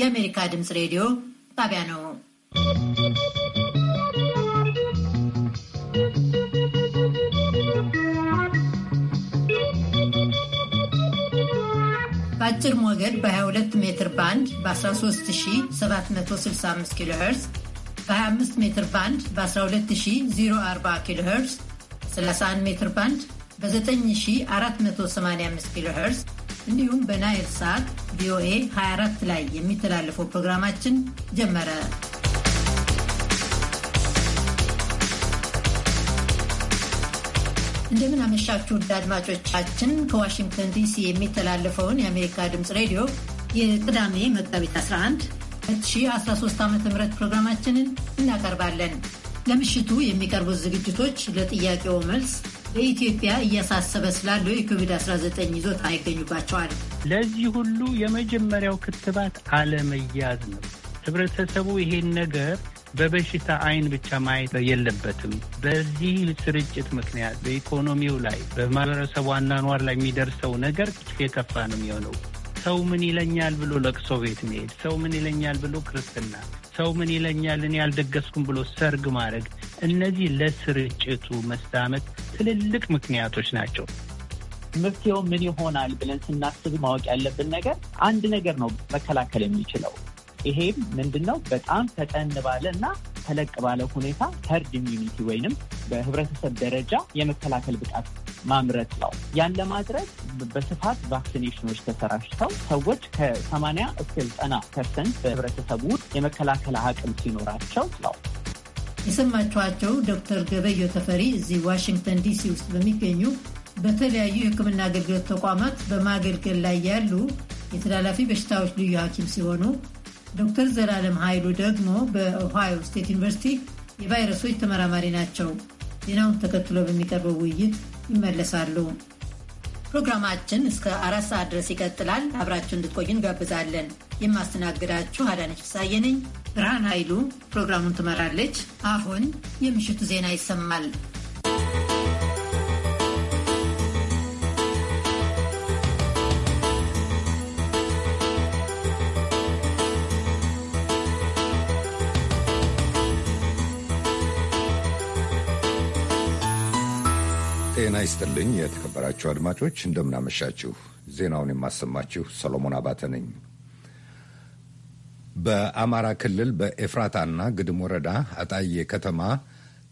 የአሜሪካ ድምፅ ሬዲዮ ጣቢያ ነው። በአጭር ሞገድ በ22 ሜትር ባንድ በ13765 ኪሎ ሄርዝ በ25 ሜትር ባንድ በ12040 ኪሎ ሄርዝ 31 ሜትር ባንድ በ9485 ኪሎ ሄርዝ እንዲሁም በናይል ሳት ቪኦኤ 24 ላይ የሚተላለፈው ፕሮግራማችን ጀመረ። እንደምን አመሻችሁ ውድ አድማጮቻችን። ከዋሽንግተን ዲሲ የሚተላለፈውን የአሜሪካ ድምፅ ሬዲዮ የቅዳሜ መጋቢት 11 2013 ዓ ም ፕሮግራማችንን እናቀርባለን። ለምሽቱ የሚቀርቡት ዝግጅቶች ለጥያቄው መልስ በኢትዮጵያ እያሳሰበ ስላለው የኮቪድ-19 ይዞታ ይገኙባቸዋል። ለዚህ ሁሉ የመጀመሪያው ክትባት አለመያዝ ነው። ህብረተሰቡ ይሄን ነገር በበሽታ አይን ብቻ ማየት የለበትም። በዚህ ስርጭት ምክንያት በኢኮኖሚው ላይ በማህበረሰቡ አኗኗር ላይ የሚደርሰው ነገር የከፋ ነው የሚሆነው። ሰው ምን ይለኛል ብሎ ለቅሶ ቤት መሄድ፣ ሰው ምን ይለኛል ብሎ ክርስትና፣ ሰው ምን ይለኛል እኔ ያልደገስኩም ብሎ ሰርግ ማድረግ እነዚህ ለስርጭቱ መዛመት ትልልቅ ምክንያቶች ናቸው። መፍትሄው ምን ይሆናል ብለን ስናስብ ማወቅ ያለብን ነገር አንድ ነገር ነው መከላከል የሚችለው ይሄም ምንድን ነው? በጣም ፈጠን ባለ እና ተለቅ ባለ ሁኔታ ተርድ ኢሚኒቲ ወይንም በህብረተሰብ ደረጃ የመከላከል ብቃት ማምረት ነው። ያን ለማድረግ በስፋት ቫክሲኔሽኖች ተሰራጭተው ሰዎች ከ80 እስከ 90 ፐርሰንት በህብረተሰቡ የመከላከል አቅም ሲኖራቸው ነው። የሰማችኋቸው ዶክተር ገበዮ ተፈሪ እዚህ ዋሽንግተን ዲሲ ውስጥ በሚገኙ በተለያዩ የሕክምና አገልግሎት ተቋማት በማገልገል ላይ ያሉ የተላላፊ በሽታዎች ልዩ ሐኪም ሲሆኑ ዶክተር ዘላለም ኃይሉ ደግሞ በኦሃዮ ስቴት ዩኒቨርሲቲ የቫይረሶች ተመራማሪ ናቸው። ዜናውን ተከትሎ በሚቀርበው ውይይት ይመለሳሉ። ፕሮግራማችን እስከ አራት ሰዓት ድረስ ይቀጥላል። አብራችሁ እንድትቆዩ እንጋብዛለን። የማስተናግዳችሁ አዳነች ፍሳዬ ነኝ። ብርሃን ኃይሉ ፕሮግራሙን ትመራለች። አሁን የምሽቱ ዜና ይሰማል። ይስጥልኝ የተከበራችሁ አድማጮች እንደምናመሻችሁ። ዜናውን የማሰማችሁ ሰሎሞን አባተ ነኝ። በአማራ ክልል በኤፍራታና ግድም ወረዳ አጣዬ ከተማ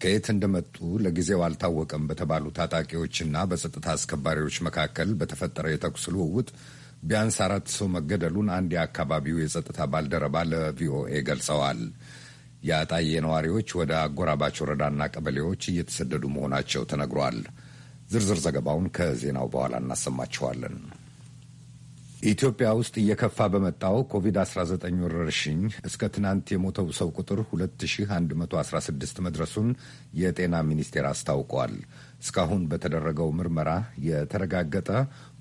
ከየት እንደመጡ ለጊዜው አልታወቀም በተባሉ ታጣቂዎችና በጸጥታ አስከባሪዎች መካከል በተፈጠረ የተኩስ ልውውጥ ቢያንስ አራት ሰው መገደሉን አንድ የአካባቢው የጸጥታ ባልደረባ ለቪኦኤ ገልጸዋል። የአጣዬ ነዋሪዎች ወደ አጎራባች ወረዳና ቀበሌዎች እየተሰደዱ መሆናቸው ተነግሯል። ዝርዝር ዘገባውን ከዜናው በኋላ እናሰማችኋለን። ኢትዮጵያ ውስጥ እየከፋ በመጣው ኮቪድ-19 ወረርሽኝ እስከ ትናንት የሞተው ሰው ቁጥር 2116 መድረሱን የጤና ሚኒስቴር አስታውቋል። እስካሁን በተደረገው ምርመራ የተረጋገጠ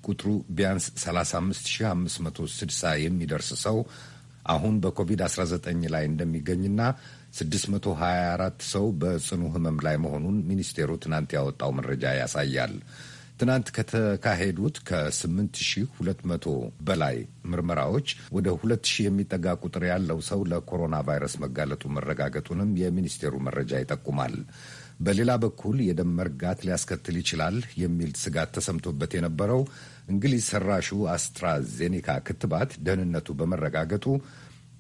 ቁጥሩ ቢያንስ 35560 የሚደርስ ሰው አሁን በኮቪድ-19 ላይ እንደሚገኝና 624 ሰው በጽኑ ህመም ላይ መሆኑን ሚኒስቴሩ ትናንት ያወጣው መረጃ ያሳያል። ትናንት ከተካሄዱት ከ8200 በላይ ምርመራዎች ወደ 2000 የሚጠጋ ቁጥር ያለው ሰው ለኮሮና ቫይረስ መጋለጡ መረጋገጡንም የሚኒስቴሩ መረጃ ይጠቁማል። በሌላ በኩል የደም መርጋት ሊያስከትል ይችላል የሚል ስጋት ተሰምቶበት የነበረው እንግሊዝ ሰራሹ አስትራዜኔካ ክትባት ደህንነቱ በመረጋገጡ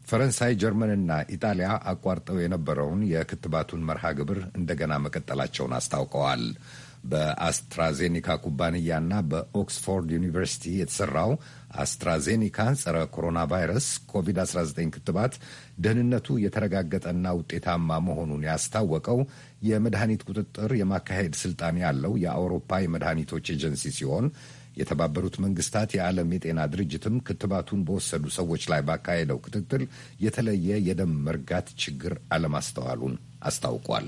ፈረንሳይ፣ ጀርመንና ኢጣሊያ አቋርጠው የነበረውን የክትባቱን መርሃ ግብር እንደገና መቀጠላቸውን አስታውቀዋል። በአስትራዜኒካ ኩባንያና በኦክስፎርድ ዩኒቨርሲቲ የተሰራው አስትራዜኒካ ጸረ ኮሮና ቫይረስ ኮቪድ-19 ክትባት ደህንነቱ የተረጋገጠና ውጤታማ መሆኑን ያስታወቀው የመድኃኒት ቁጥጥር የማካሄድ ስልጣን ያለው የአውሮፓ የመድኃኒቶች ኤጀንሲ ሲሆን የተባበሩት መንግስታት የዓለም የጤና ድርጅትም ክትባቱን በወሰዱ ሰዎች ላይ ባካሄደው ክትትል የተለየ የደም መርጋት ችግር አለማስተዋሉን አስታውቋል።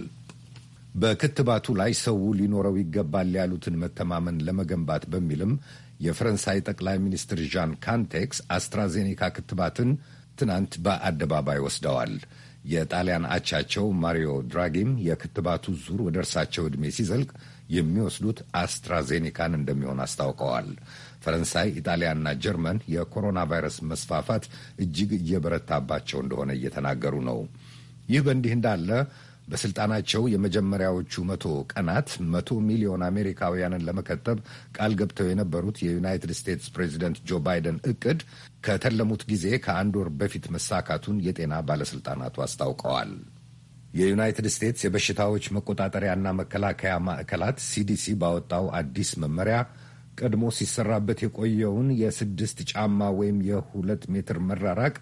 በክትባቱ ላይ ሰው ሊኖረው ይገባል ያሉትን መተማመን ለመገንባት በሚልም የፈረንሳይ ጠቅላይ ሚኒስትር ዣን ካንቴክስ አስትራዜኔካ ክትባትን ትናንት በአደባባይ ወስደዋል። የጣሊያን አቻቸው ማሪዮ ድራጊም የክትባቱ ዙር ወደ እርሳቸው ዕድሜ ሲዘልቅ የሚወስዱት አስትራዜኔካን እንደሚሆን አስታውቀዋል። ፈረንሳይ፣ ኢጣሊያና ጀርመን የኮሮና ቫይረስ መስፋፋት እጅግ እየበረታባቸው እንደሆነ እየተናገሩ ነው። ይህ በእንዲህ እንዳለ በስልጣናቸው የመጀመሪያዎቹ መቶ ቀናት መቶ ሚሊዮን አሜሪካውያንን ለመከተብ ቃል ገብተው የነበሩት የዩናይትድ ስቴትስ ፕሬዚደንት ጆ ባይደን እቅድ ከተለሙት ጊዜ ከአንድ ወር በፊት መሳካቱን የጤና ባለስልጣናቱ አስታውቀዋል። የዩናይትድ ስቴትስ የበሽታዎች መቆጣጠሪያና መከላከያ ማዕከላት ሲዲሲ ባወጣው አዲስ መመሪያ ቀድሞ ሲሰራበት የቆየውን የስድስት ጫማ ወይም የሁለት ሜትር መራራቅ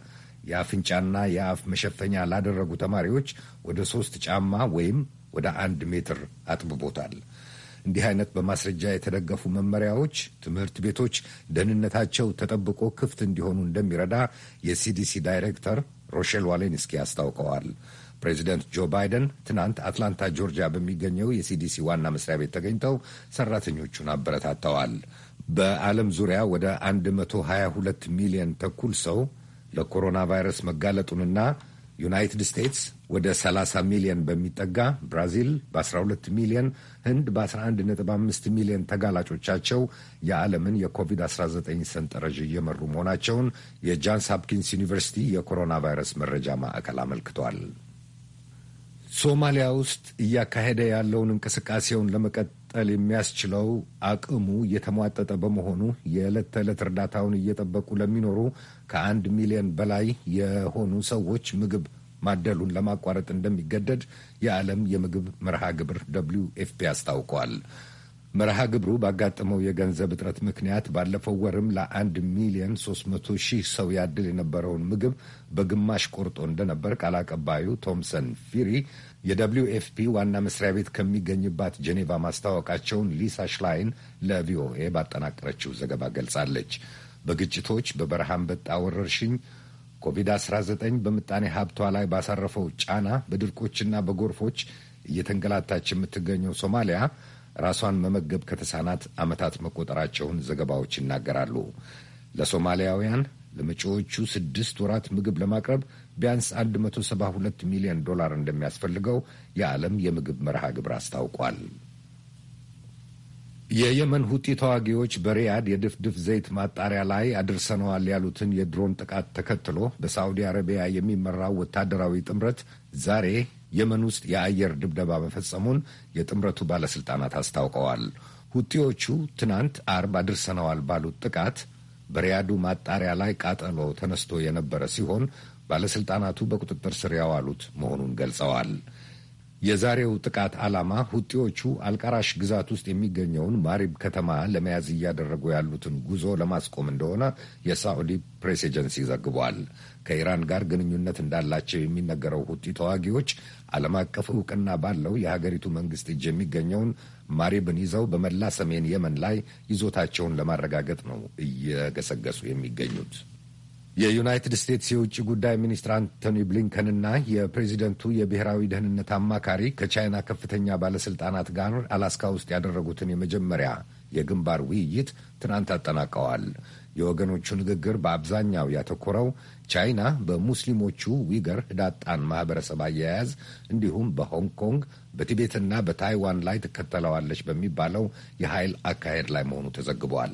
የአፍንጫና የአፍ መሸፈኛ ላደረጉ ተማሪዎች ወደ ሶስት ጫማ ወይም ወደ አንድ ሜትር አጥብቦታል። እንዲህ አይነት በማስረጃ የተደገፉ መመሪያዎች ትምህርት ቤቶች ደህንነታቸው ተጠብቆ ክፍት እንዲሆኑ እንደሚረዳ የሲዲሲ ዳይሬክተር ሮሼል ዋሌንስኪ አስታውቀዋል። ፕሬዚደንት ጆ ባይደን ትናንት አትላንታ ጆርጂያ በሚገኘው የሲዲሲ ዋና መስሪያ ቤት ተገኝተው ሰራተኞቹን አበረታተዋል። በዓለም ዙሪያ ወደ 122 ሚሊዮን ተኩል ሰው ለኮሮና ቫይረስ መጋለጡንና ዩናይትድ ስቴትስ ወደ 30 ሚሊዮን በሚጠጋ ብራዚል በ12 ሚሊዮን፣ ህንድ በ11.5 ሚሊዮን ተጋላጮቻቸው የዓለምን የኮቪድ-19 ሰንጠረዥ እየመሩ መሆናቸውን የጃንስ ሀፕኪንስ ዩኒቨርሲቲ የኮሮና ቫይረስ መረጃ ማዕከል አመልክቷል። ሶማሊያ ውስጥ እያካሄደ ያለውን እንቅስቃሴውን ለመቀጠል የሚያስችለው አቅሙ እየተሟጠጠ በመሆኑ የዕለት ተዕለት እርዳታውን እየጠበቁ ለሚኖሩ ከአንድ ሚሊዮን በላይ የሆኑ ሰዎች ምግብ ማደሉን ለማቋረጥ እንደሚገደድ የዓለም የምግብ መርሃ ግብር ደብሊው ኤፍፒ አስታውቋል። መርሃ ግብሩ ባጋጠመው የገንዘብ እጥረት ምክንያት ባለፈው ወርም ለአንድ ሚሊዮን ሶስት መቶ ሺህ ሰው ያድል የነበረውን ምግብ በግማሽ ቆርጦ እንደነበር ቃል አቀባዩ ቶምሰን ፊሪ የደብሊው ኤፍፒ ዋና መስሪያ ቤት ከሚገኝባት ጄኔቫ ማስታወቃቸውን ሊሳ ሽላይን ለቪኦኤ ባጠናቀረችው ዘገባ ገልጻለች። በግጭቶች፣ በበረሃ አንበጣ ወረርሽኝ ኮቪድ-19 በምጣኔ ሀብቷ ላይ ባሳረፈው ጫና፣ በድርቆችና በጎርፎች እየተንገላታች የምትገኘው ሶማሊያ ራሷን መመገብ ከተሳናት ዓመታት መቆጠራቸውን ዘገባዎች ይናገራሉ። ለሶማሊያውያን ለመጪዎቹ ስድስት ወራት ምግብ ለማቅረብ ቢያንስ 172 ሚሊዮን ዶላር እንደሚያስፈልገው የዓለም የምግብ መርሃ ግብር አስታውቋል። የየመን ሁቲ ተዋጊዎች በሪያድ የድፍድፍ ዘይት ማጣሪያ ላይ አድርሰነዋል ያሉትን የድሮን ጥቃት ተከትሎ በሳዑዲ አረቢያ የሚመራው ወታደራዊ ጥምረት ዛሬ የመን ውስጥ የአየር ድብደባ መፈጸሙን የጥምረቱ ባለሥልጣናት አስታውቀዋል። ሁቲዎቹ ትናንት አርብ አድርሰነዋል ባሉት ጥቃት በሪያዱ ማጣሪያ ላይ ቃጠሎ ተነስቶ የነበረ ሲሆን ባለሥልጣናቱ በቁጥጥር ስር ያዋሉት መሆኑን ገልጸዋል። የዛሬው ጥቃት ዓላማ ሁጤዎቹ አልቃራሽ ግዛት ውስጥ የሚገኘውን ማሪብ ከተማ ለመያዝ እያደረጉ ያሉትን ጉዞ ለማስቆም እንደሆነ የሳዑዲ ፕሬስ ኤጀንሲ ዘግቧል። ከኢራን ጋር ግንኙነት እንዳላቸው የሚነገረው ሁጢ ተዋጊዎች ዓለም አቀፍ እውቅና ባለው የሀገሪቱ መንግስት እጅ የሚገኘውን ማሪብን ይዘው በመላ ሰሜን የመን ላይ ይዞታቸውን ለማረጋገጥ ነው እየገሰገሱ የሚገኙት። የዩናይትድ ስቴትስ የውጭ ጉዳይ ሚኒስትር አንቶኒ ብሊንከንና የፕሬዚደንቱ የብሔራዊ ደህንነት አማካሪ ከቻይና ከፍተኛ ባለስልጣናት ጋር አላስካ ውስጥ ያደረጉትን የመጀመሪያ የግንባር ውይይት ትናንት አጠናቀዋል። የወገኖቹ ንግግር በአብዛኛው ያተኮረው ቻይና በሙስሊሞቹ ዊገር ህዳጣን ማህበረሰብ አያያዝ እንዲሁም በሆንግ ኮንግ በቲቤትና በታይዋን ላይ ትከተለዋለች በሚባለው የኃይል አካሄድ ላይ መሆኑ ተዘግቧል።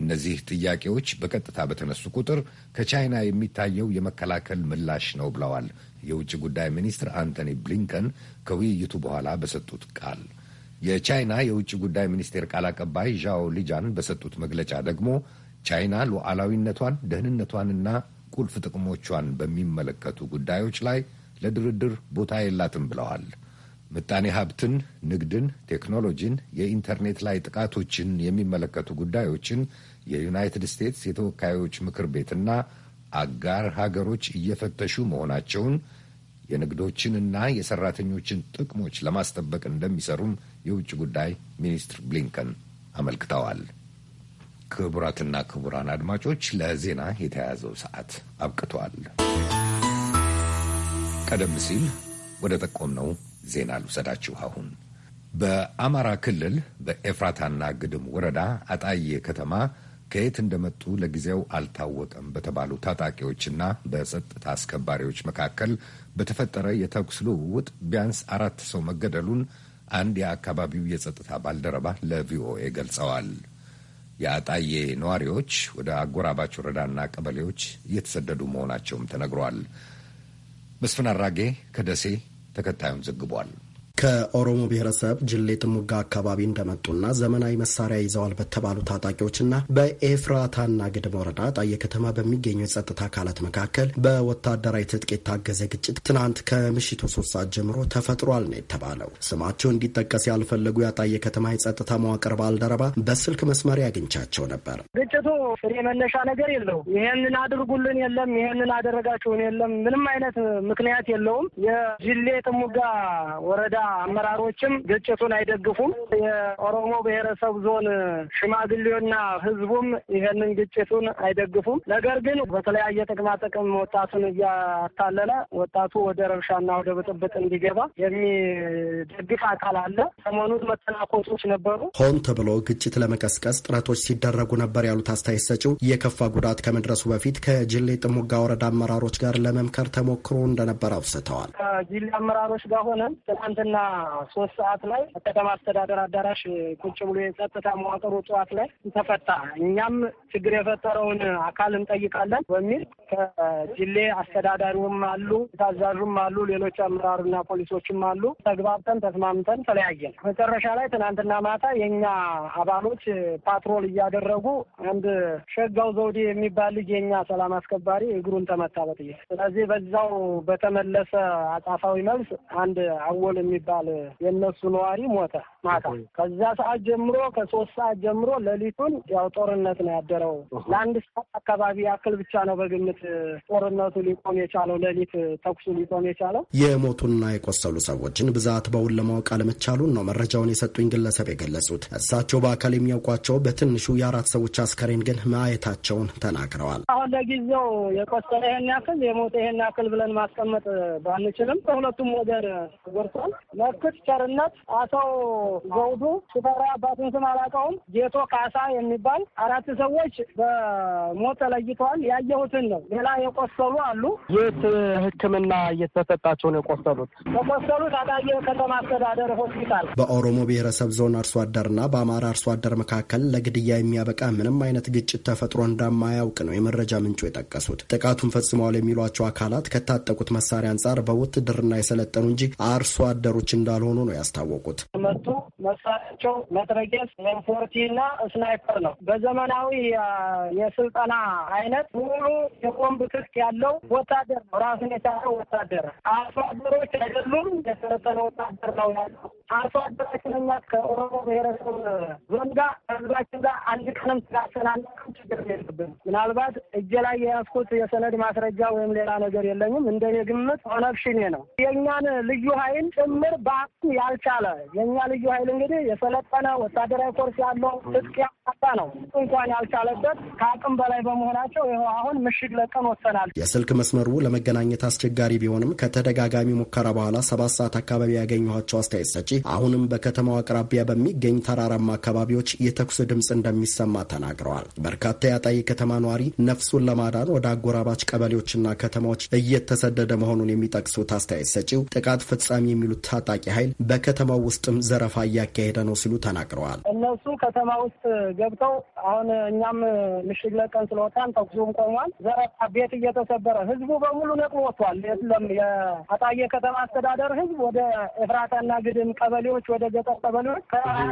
እነዚህ ጥያቄዎች በቀጥታ በተነሱ ቁጥር ከቻይና የሚታየው የመከላከል ምላሽ ነው ብለዋል የውጭ ጉዳይ ሚኒስትር አንቶኒ ብሊንከን ከውይይቱ በኋላ በሰጡት ቃል። የቻይና የውጭ ጉዳይ ሚኒስቴር ቃል አቀባይ ዣኦ ሊጃን በሰጡት መግለጫ ደግሞ ቻይና ሉዓላዊነቷን፣ ደህንነቷንና ቁልፍ ጥቅሞቿን በሚመለከቱ ጉዳዮች ላይ ለድርድር ቦታ የላትም ብለዋል። ምጣኔ ሀብትን፣ ንግድን፣ ቴክኖሎጂን፣ የኢንተርኔት ላይ ጥቃቶችን የሚመለከቱ ጉዳዮችን የዩናይትድ ስቴትስ የተወካዮች ምክር ቤትና አጋር ሀገሮች እየፈተሹ መሆናቸውን የንግዶችንና የሰራተኞችን ጥቅሞች ለማስጠበቅ እንደሚሰሩም የውጭ ጉዳይ ሚኒስትር ብሊንከን አመልክተዋል። ክቡራትና ክቡራን አድማጮች ለዜና የተያያዘው ሰዓት አብቅቷል። ቀደም ሲል ወደ ጠቆም ነው ዜና ልውሰዳችሁ አሁን በአማራ ክልል በኤፍራታና ግድም ወረዳ አጣዬ ከተማ ከየት እንደመጡ ለጊዜው አልታወቀም በተባሉ ታጣቂዎችና በጸጥታ አስከባሪዎች መካከል በተፈጠረ የተኩስ ልውውጥ ቢያንስ አራት ሰው መገደሉን አንድ የአካባቢው የጸጥታ ባልደረባ ለቪኦኤ ገልጸዋል። የአጣዬ ነዋሪዎች ወደ አጎራባች ወረዳና ቀበሌዎች እየተሰደዱ መሆናቸውም ተነግሯል። መስፍን አራጌ ከደሴ ተከታዩን ዘግቧል። ከኦሮሞ ብሔረሰብ ጅሌ ጥሙጋ አካባቢ እንደመጡና ዘመናዊ መሳሪያ ይዘዋል በተባሉ ታጣቂዎችና በኤፍራታና ግድም ወረዳ ጣየ ከተማ በሚገኙ የጸጥታ አካላት መካከል በወታደራዊ ትጥቅ የታገዘ ግጭት ትናንት ከምሽቱ ሶስት ሰዓት ጀምሮ ተፈጥሯል ነው የተባለው። ስማቸው እንዲጠቀስ ያልፈለጉ ያጣየ ከተማ የጸጥታ መዋቅር ባልደረባ በስልክ መስመር ያግኝቻቸው ነበር። ግጭቱ ፍሬ መነሻ ነገር የለው ይሄንን አድርጉልን የለም፣ ይሄንን አደረጋችሁን የለም፣ ምንም አይነት ምክንያት የለውም። የጅሌ ጥሙጋ ወረዳ አመራሮችም ግጭቱን አይደግፉም። የኦሮሞ ብሔረሰብ ዞን ሽማግሌውና ህዝቡም ይህንን ግጭቱን አይደግፉም። ነገር ግን በተለያየ ጥቅማ ጥቅም ወጣቱን እያታለለ ወጣቱ ወደ ረብሻና ወደ ብጥብጥ እንዲገባ የሚደግፍ አካል አለ። ሰሞኑን መተናኮሶች ነበሩ። ሆን ተብሎ ግጭት ለመቀስቀስ ጥረቶች ሲደረጉ ነበር ያሉት አስተያየት ሰጪው የከፋ ጉዳት ከመድረሱ በፊት ከጅሌ ጥሙጋ ወረዳ አመራሮች ጋር ለመምከር ተሞክሮ እንደነበር አውስተዋል። ከጅሌ አመራሮች ጋር ሆነን ትናንትና ሶስት ሰዓት ላይ ከተማ አስተዳደር አዳራሽ ቁጭ ብሎ የጸጥታ መዋቅሩ ጠዋት ላይ ተፈታ። እኛም ችግር የፈጠረውን አካል እንጠይቃለን በሚል ከጅሌ አስተዳዳሪውም አሉ፣ ታዛዡም አሉ፣ ሌሎች አመራርና ፖሊሶችም አሉ። ተግባብተን ተስማምተን ተለያየን። መጨረሻ ላይ ትናንትና ማታ የእኛ አባሎች ፓትሮል እያደረጉ አንድ ሸጋው ዘውዴ የሚባል ልጅ የእኛ ሰላም አስከባሪ እግሩን ተመታ በጥይት። ስለዚህ በዛው በተመለሰ አጻፋዊ መልስ አንድ አወል የሚባል የሚባል የእነሱ ነዋሪ ሞተ ማታ። ከዛ ሰዓት ጀምሮ ከሶስት ሰዓት ጀምሮ ሌሊቱን ያው ጦርነት ነው ያደረው። ለአንድ ሰዓት አካባቢ ያክል ብቻ ነው በግምት ጦርነቱ ሊቆም የቻለው፣ ሌሊት ተኩሱ ሊቆም የቻለው። የሞቱና የቆሰሉ ሰዎችን ብዛት በውን ለማወቅ አለመቻሉን ነው መረጃውን የሰጡኝ ግለሰብ የገለጹት። እሳቸው በአካል የሚያውቋቸው በትንሹ የአራት ሰዎች አስከሬን ግን ማየታቸውን ተናግረዋል። አሁን ለጊዜው የቆሰለ ይህን ያክል የሞተ ይህን ያክል ብለን ማስቀመጥ ባንችልም ከሁለቱም ወገን ጎርቷል። መክት ቸርነት፣ አቶ ዘውዱ ሽፈራ አባቱን ስም አላውቀውም፣ ጌቶ ካሳ የሚባል አራት ሰዎች በሞት ተለይተዋል። ያየሁትን ነው። ሌላ የቆሰሉ አሉ። የት ሕክምና እየተሰጣቸው ነው የቆሰሉት? የቆሰሉት አጣዬ ከተማ አስተዳደር ሆስፒታል። በኦሮሞ ብሔረሰብ ዞን አርሶ አደርና በአማራ አርሶ አደር መካከል ለግድያ የሚያበቃ ምንም አይነት ግጭት ተፈጥሮ እንደማያውቅ ነው የመረጃ ምንጩ የጠቀሱት። ጥቃቱን ፈጽመዋል የሚሏቸው አካላት ከታጠቁት መሳሪያ አንጻር በውትድርና የሰለጠኑ እንጂ አርሶ አደሩ ፈቃደኞች እንዳልሆኑ ነው ያስታወቁት። መቱ መሳሪያቸው መትረየስ፣ ሜንፎርቲ እና ስናይፐር ነው። በዘመናዊ የስልጠና አይነት ሙሉ የቦምብ ትጥቅ ያለው ወታደር ነው። ራሱን የቻለ ወታደር አርሶ አደሮች አይደሉም። የሰለጠነ ወታደር ነው ያለው። አርሶ አደራችንና ከኦሮሞ ብሔረሰብ ዞን ጋር ከህዝባችን ጋር አንድ ቀንም ስላሰናናቅም ችግር የለብን። ምናልባት እጄ ላይ የያዝኩት የሰነድ ማስረጃ ወይም ሌላ ነገር የለኝም። እንደ ግምት ኦነግ ሸኔ ነው የእኛን ልዩ ኃይል ጭምር በአቅቱ ያልቻለ የእኛ ልዩ ኃይል እንግዲህ የሰለጠነ ወታደራዊ ኮርስ ያለው ትጥቅ ሊያሳካ ነው እንኳን ያልቻለበት ከአቅም በላይ በመሆናቸው ይኸው አሁን ምሽግ ለቀን ወሰናል የስልክ መስመሩ ለመገናኘት አስቸጋሪ ቢሆንም ከተደጋጋሚ ሙከራ በኋላ ሰባት ሰዓት አካባቢ ያገኘኋቸው አስተያየት ሰጪ አሁንም በከተማው አቅራቢያ በሚገኝ ተራራማ አካባቢዎች የተኩስ ድምፅ እንደሚሰማ ተናግረዋል። በርካታ የአጣዬ ከተማ ነዋሪ ነፍሱን ለማዳን ወደ አጎራባች ቀበሌዎችና ከተማዎች እየተሰደደ መሆኑን የሚጠቅሱት አስተያየት ሰጪው ጥቃት ፍጻሜ የሚሉት ታጣቂ ኃይል በከተማው ውስጥም ዘረፋ እያካሄደ ነው ሲሉ ተናግረዋል። እነሱ ከተማ ውስጥ ገብተው አሁን እኛም ምሽግ ለቀን ስለወጣን ተኩሱም ቆሟል። ዘረፋ ቤት እየተሰበረ ህዝቡ በሙሉ ነቅሎ ወጥቷል። የለም የአጣዬ ከተማ አስተዳደር ህዝብ ወደ ኤፍራታና ግድም ቀበሌዎች ወደ ገጠር ቀበሌዎች ከሀያ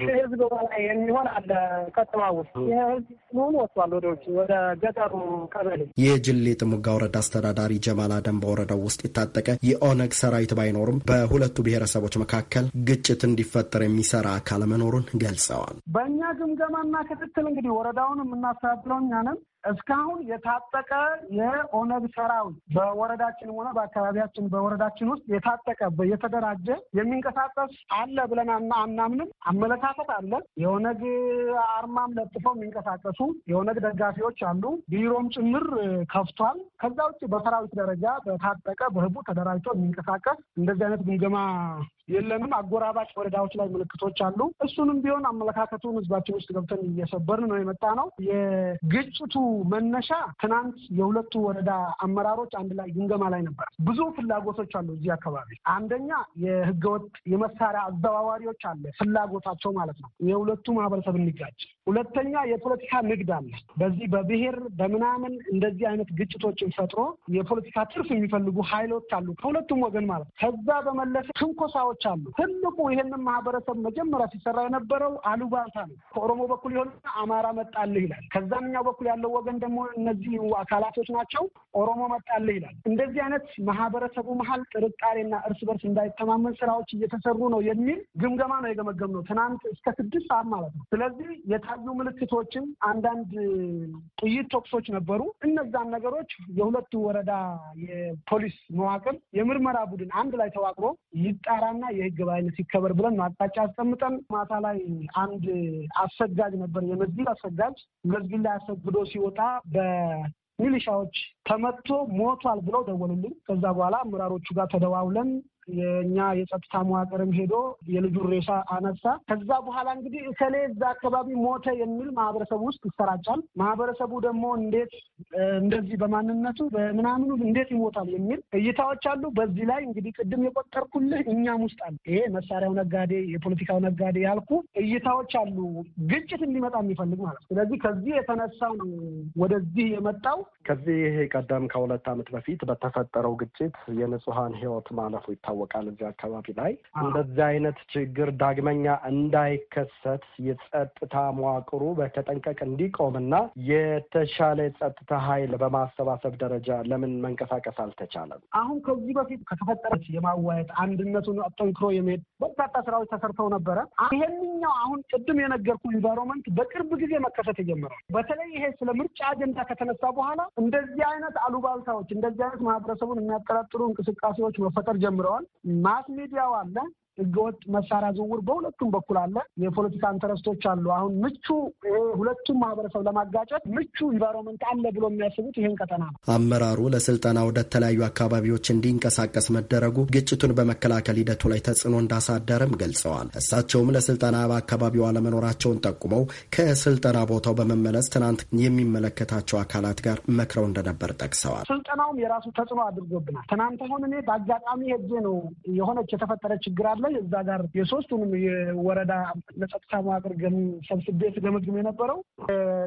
ሺህ ህዝብ በላይ የሚሆን አለ ከተማ ውስጥ ይህ ህዝብ ሙሉ ወጥቷል ወደ ውጭ ወደ ገጠሩ ቀበሌ። የጅሌ ጥሙጋ ወረዳ አስተዳዳሪ ጀማል አደም በወረዳው ውስጥ የታጠቀ የኦነግ ሰራዊት ባይኖርም በሁለቱ ብሔረሰቦች መካከል ግጭት እንዲፈጠር የሚሰራ አካል መኖሩን ገልጸዋል። በእኛ ግምገማና ክትትል እንግዲህ ወረዳውን የምናስተዳድረው እኛ እስካሁን የታጠቀ የኦነግ ሰራዊት በወረዳችንም ሆነ በአካባቢያችን በወረዳችን ውስጥ የታጠቀ የተደራጀ የሚንቀሳቀስ አለ ብለን አናምንም። አመለካከት አለ። የኦነግ አርማም ለጥፈው የሚንቀሳቀሱ የኦነግ ደጋፊዎች አሉ። ቢሮም ጭምር ከፍቷል። ከዛ ውጭ በሰራዊት ደረጃ በታጠቀ በህቡ ተደራጅቶ የሚንቀሳቀስ እንደዚህ አይነት ግምገማ የለንም። አጎራባጭ ወረዳዎች ላይ ምልክቶች አሉ። እሱንም ቢሆን አመለካከቱን ህዝባችን ውስጥ ገብተን እየሰበርን ነው የመጣ ነው። የግጭቱ መነሻ ትናንት የሁለቱ ወረዳ አመራሮች አንድ ላይ ግምገማ ላይ ነበር። ብዙ ፍላጎቶች አሉ እዚህ አካባቢ። አንደኛ የህገወጥ የመሳሪያ አዘዋዋሪዎች አለ ፍላጎታቸው ማለት ነው፣ የሁለቱ ማህበረሰብ እንጋጭ። ሁለተኛ የፖለቲካ ንግድ አለ። በዚህ በብሔር በምናምን እንደዚህ አይነት ግጭቶችን ፈጥሮ የፖለቲካ ትርፍ የሚፈልጉ ሀይሎች አሉ ከሁለቱም ወገን ማለት ከዛ በመለሰ ትንኮሳ ነገሮች አሉ። ትልቁ ይህንን ማህበረሰብ መጀመሪያ ሲሰራ የነበረው አሉባልታ ነው። ከኦሮሞ በኩል የሆነ አማራ መጣልህ ይላል። ከዛኛው በኩል ያለው ወገን ደግሞ እነዚህ አካላቶች ናቸው። ኦሮሞ መጣልህ ይላል። እንደዚህ አይነት ማህበረሰቡ መሀል ጥርጣሬና እርስ በርስ እንዳይተማመን ስራዎች እየተሰሩ ነው የሚል ግምገማ ነው የገመገም ነው ትናንት እስከ ስድስት ሰዓት ማለት ነው። ስለዚህ የታዩ ምልክቶችን አንዳንድ ጥይት ተኩሶች ነበሩ። እነዛን ነገሮች የሁለቱ ወረዳ የፖሊስ መዋቅር የምርመራ ቡድን አንድ ላይ ተዋቅሮ ይጣራና ይከበርና የህግ በላይነት ይከበር ብለን ማቅጣጫ አስቀምጠን ማታ ላይ አንድ አሰጋጅ ነበር፣ የመስጊድ አሰጋጅ መስጊድ ላይ አሰግዶ ሲወጣ በሚሊሻዎች ተመቶ ሞቷል ብለው ደወሉልኝ። ከዛ በኋላ አመራሮቹ ጋር ተደዋውለን የእኛ የጸጥታ መዋቅርም ሄዶ የልጁን ሬሳ አነሳ። ከዛ በኋላ እንግዲህ እከሌ እዛ አካባቢ ሞተ የሚል ማህበረሰቡ ውስጥ ይሰራጫል። ማህበረሰቡ ደግሞ እንዴት እንደዚህ በማንነቱ በምናምኑ እንዴት ይሞታል የሚል እይታዎች አሉ። በዚህ ላይ እንግዲህ ቅድም የቆጠርኩልህ እኛም ውስጥ አለ። ይሄ መሳሪያው ነጋዴ፣ የፖለቲካው ነጋዴ ያልኩ እይታዎች አሉ። ግጭት እንዲመጣ የሚፈልግ ማለት ነው። ስለዚህ ከዚህ የተነሳ ነው ወደዚህ የመጣው። ከዚህ ይሄ ቀደም ከሁለት ዓመት በፊት በተፈጠረው ግጭት የንጹሐን ህይወት ማለፉ ይታ ይታወቃል እዚህ አካባቢ ላይ። እንደዚህ አይነት ችግር ዳግመኛ እንዳይከሰት የጸጥታ መዋቅሩ በተጠንቀቅ እንዲቆምና የተሻለ የጸጥታ ኃይል በማሰባሰብ ደረጃ ለምን መንቀሳቀስ አልተቻለም? አሁን ከዚህ በፊት ከተፈጠረች የማዋየት አንድነቱን አጠንክሮ የመሄድ በርካታ ስራዎች ተሰርተው ነበረ። ይሄንኛው አሁን ቅድም የነገርኩ ኢንቫይሮመንት በቅርብ ጊዜ መከሰት የጀመረው በተለይ ይሄ ስለ ምርጫ አጀንዳ ከተነሳ በኋላ እንደዚህ አይነት አሉባልታዎች፣ እንደዚህ አይነት ማህበረሰቡን የሚያጠራጥሩ እንቅስቃሴዎች መፈጠር ጀምረዋል። ማስ ሚዲያው አለ ህገወጥ መሳሪያ ዝውውር በሁለቱም በኩል አለ። የፖለቲካ ኢንተረስቶች አሉ። አሁን ምቹ ሁለቱም ማህበረሰብ ለማጋጨት ምቹ ኢንቫይሮመንት አለ ብሎ የሚያስቡት ይህን ቀጠና ነው። አመራሩ ለስልጠና ወደ ተለያዩ አካባቢዎች እንዲንቀሳቀስ መደረጉ ግጭቱን በመከላከል ሂደቱ ላይ ተጽዕኖ እንዳሳደረም ገልጸዋል። እሳቸውም ለስልጠና በአካባቢው አለመኖራቸውን ጠቁመው ከስልጠና ቦታው በመመለስ ትናንት የሚመለከታቸው አካላት ጋር መክረው እንደነበር ጠቅሰዋል። ስልጠናውም የራሱ ተጽዕኖ አድርጎብናል። ትናንት አሁን እኔ በአጋጣሚ ሄጄ ነው የሆነች የተፈጠረ ችግር አለ ላይ እዛ ጋር የሶስቱንም የወረዳ ለጸጥታ መዋቅር ሰብስቤ ስገመግም የነበረው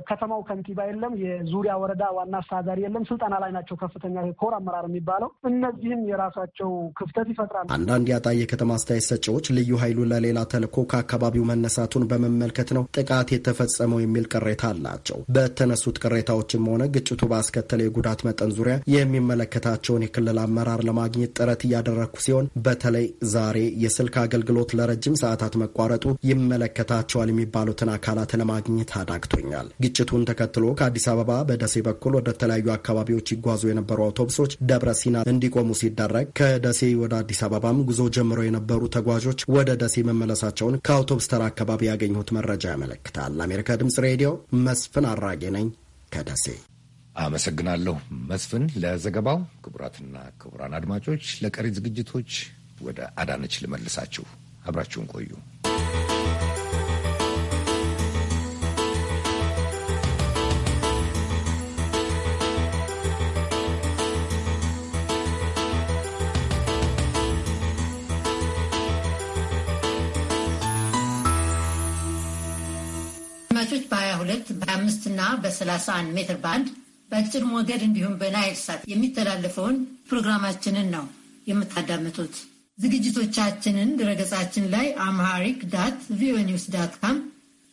ከተማው ከንቲባ የለም፣ የዙሪያ ወረዳ ዋና አስተዳዳሪ የለም። ስልጠና ላይ ናቸው ከፍተኛ ኮር አመራር የሚባለው እነዚህም የራሳቸው ክፍተት ይፈጥራል። አንዳንድ ያጣ የከተማ አስተያየት ሰጪዎች ልዩ ኃይሉ ለሌላ ተልዕኮ ከአካባቢው መነሳቱን በመመልከት ነው ጥቃት የተፈጸመው የሚል ቅሬታ አላቸው። በተነሱት ቅሬታዎችም ሆነ ግጭቱ ባስከተለ የጉዳት መጠን ዙሪያ የሚመለከታቸውን የክልል አመራር ለማግኘት ጥረት እያደረግኩ ሲሆን በተለይ ዛሬ የስል የስልክ አገልግሎት ለረጅም ሰዓታት መቋረጡ ይመለከታቸዋል የሚባሉትን አካላት ለማግኘት አዳግቶኛል። ግጭቱን ተከትሎ ከአዲስ አበባ በደሴ በኩል ወደ ተለያዩ አካባቢዎች ይጓዙ የነበሩ አውቶቡሶች ደብረ ሲና እንዲቆሙ ሲደረግ ከደሴ ወደ አዲስ አበባም ጉዞ ጀምሮ የነበሩ ተጓዦች ወደ ደሴ መመለሳቸውን ከአውቶቡስ ተራ አካባቢ ያገኘሁት መረጃ ያመለክታል። ለአሜሪካ ድምጽ ሬዲዮ መስፍን አራጌ ነኝ ከደሴ። አመሰግናለሁ መስፍን ለዘገባው። ክቡራትና ክቡራን አድማጮች ለቀሪ ዝግጅቶች ወደ አዳነች ልመልሳችሁ። አብራችሁን ቆዩ። አድማጮች በ22 በ25 እና በ31 ሜትር ባንድ በአጭር ሞገድ እንዲሁም በናይል ሳት የሚተላለፈውን ፕሮግራማችንን ነው የምታዳምጡት። ዝግጅቶቻችንን ድረገጻችን ላይ አምሃሪክ ዳት ቪኦኤ ኒውስ ዳት ካም፣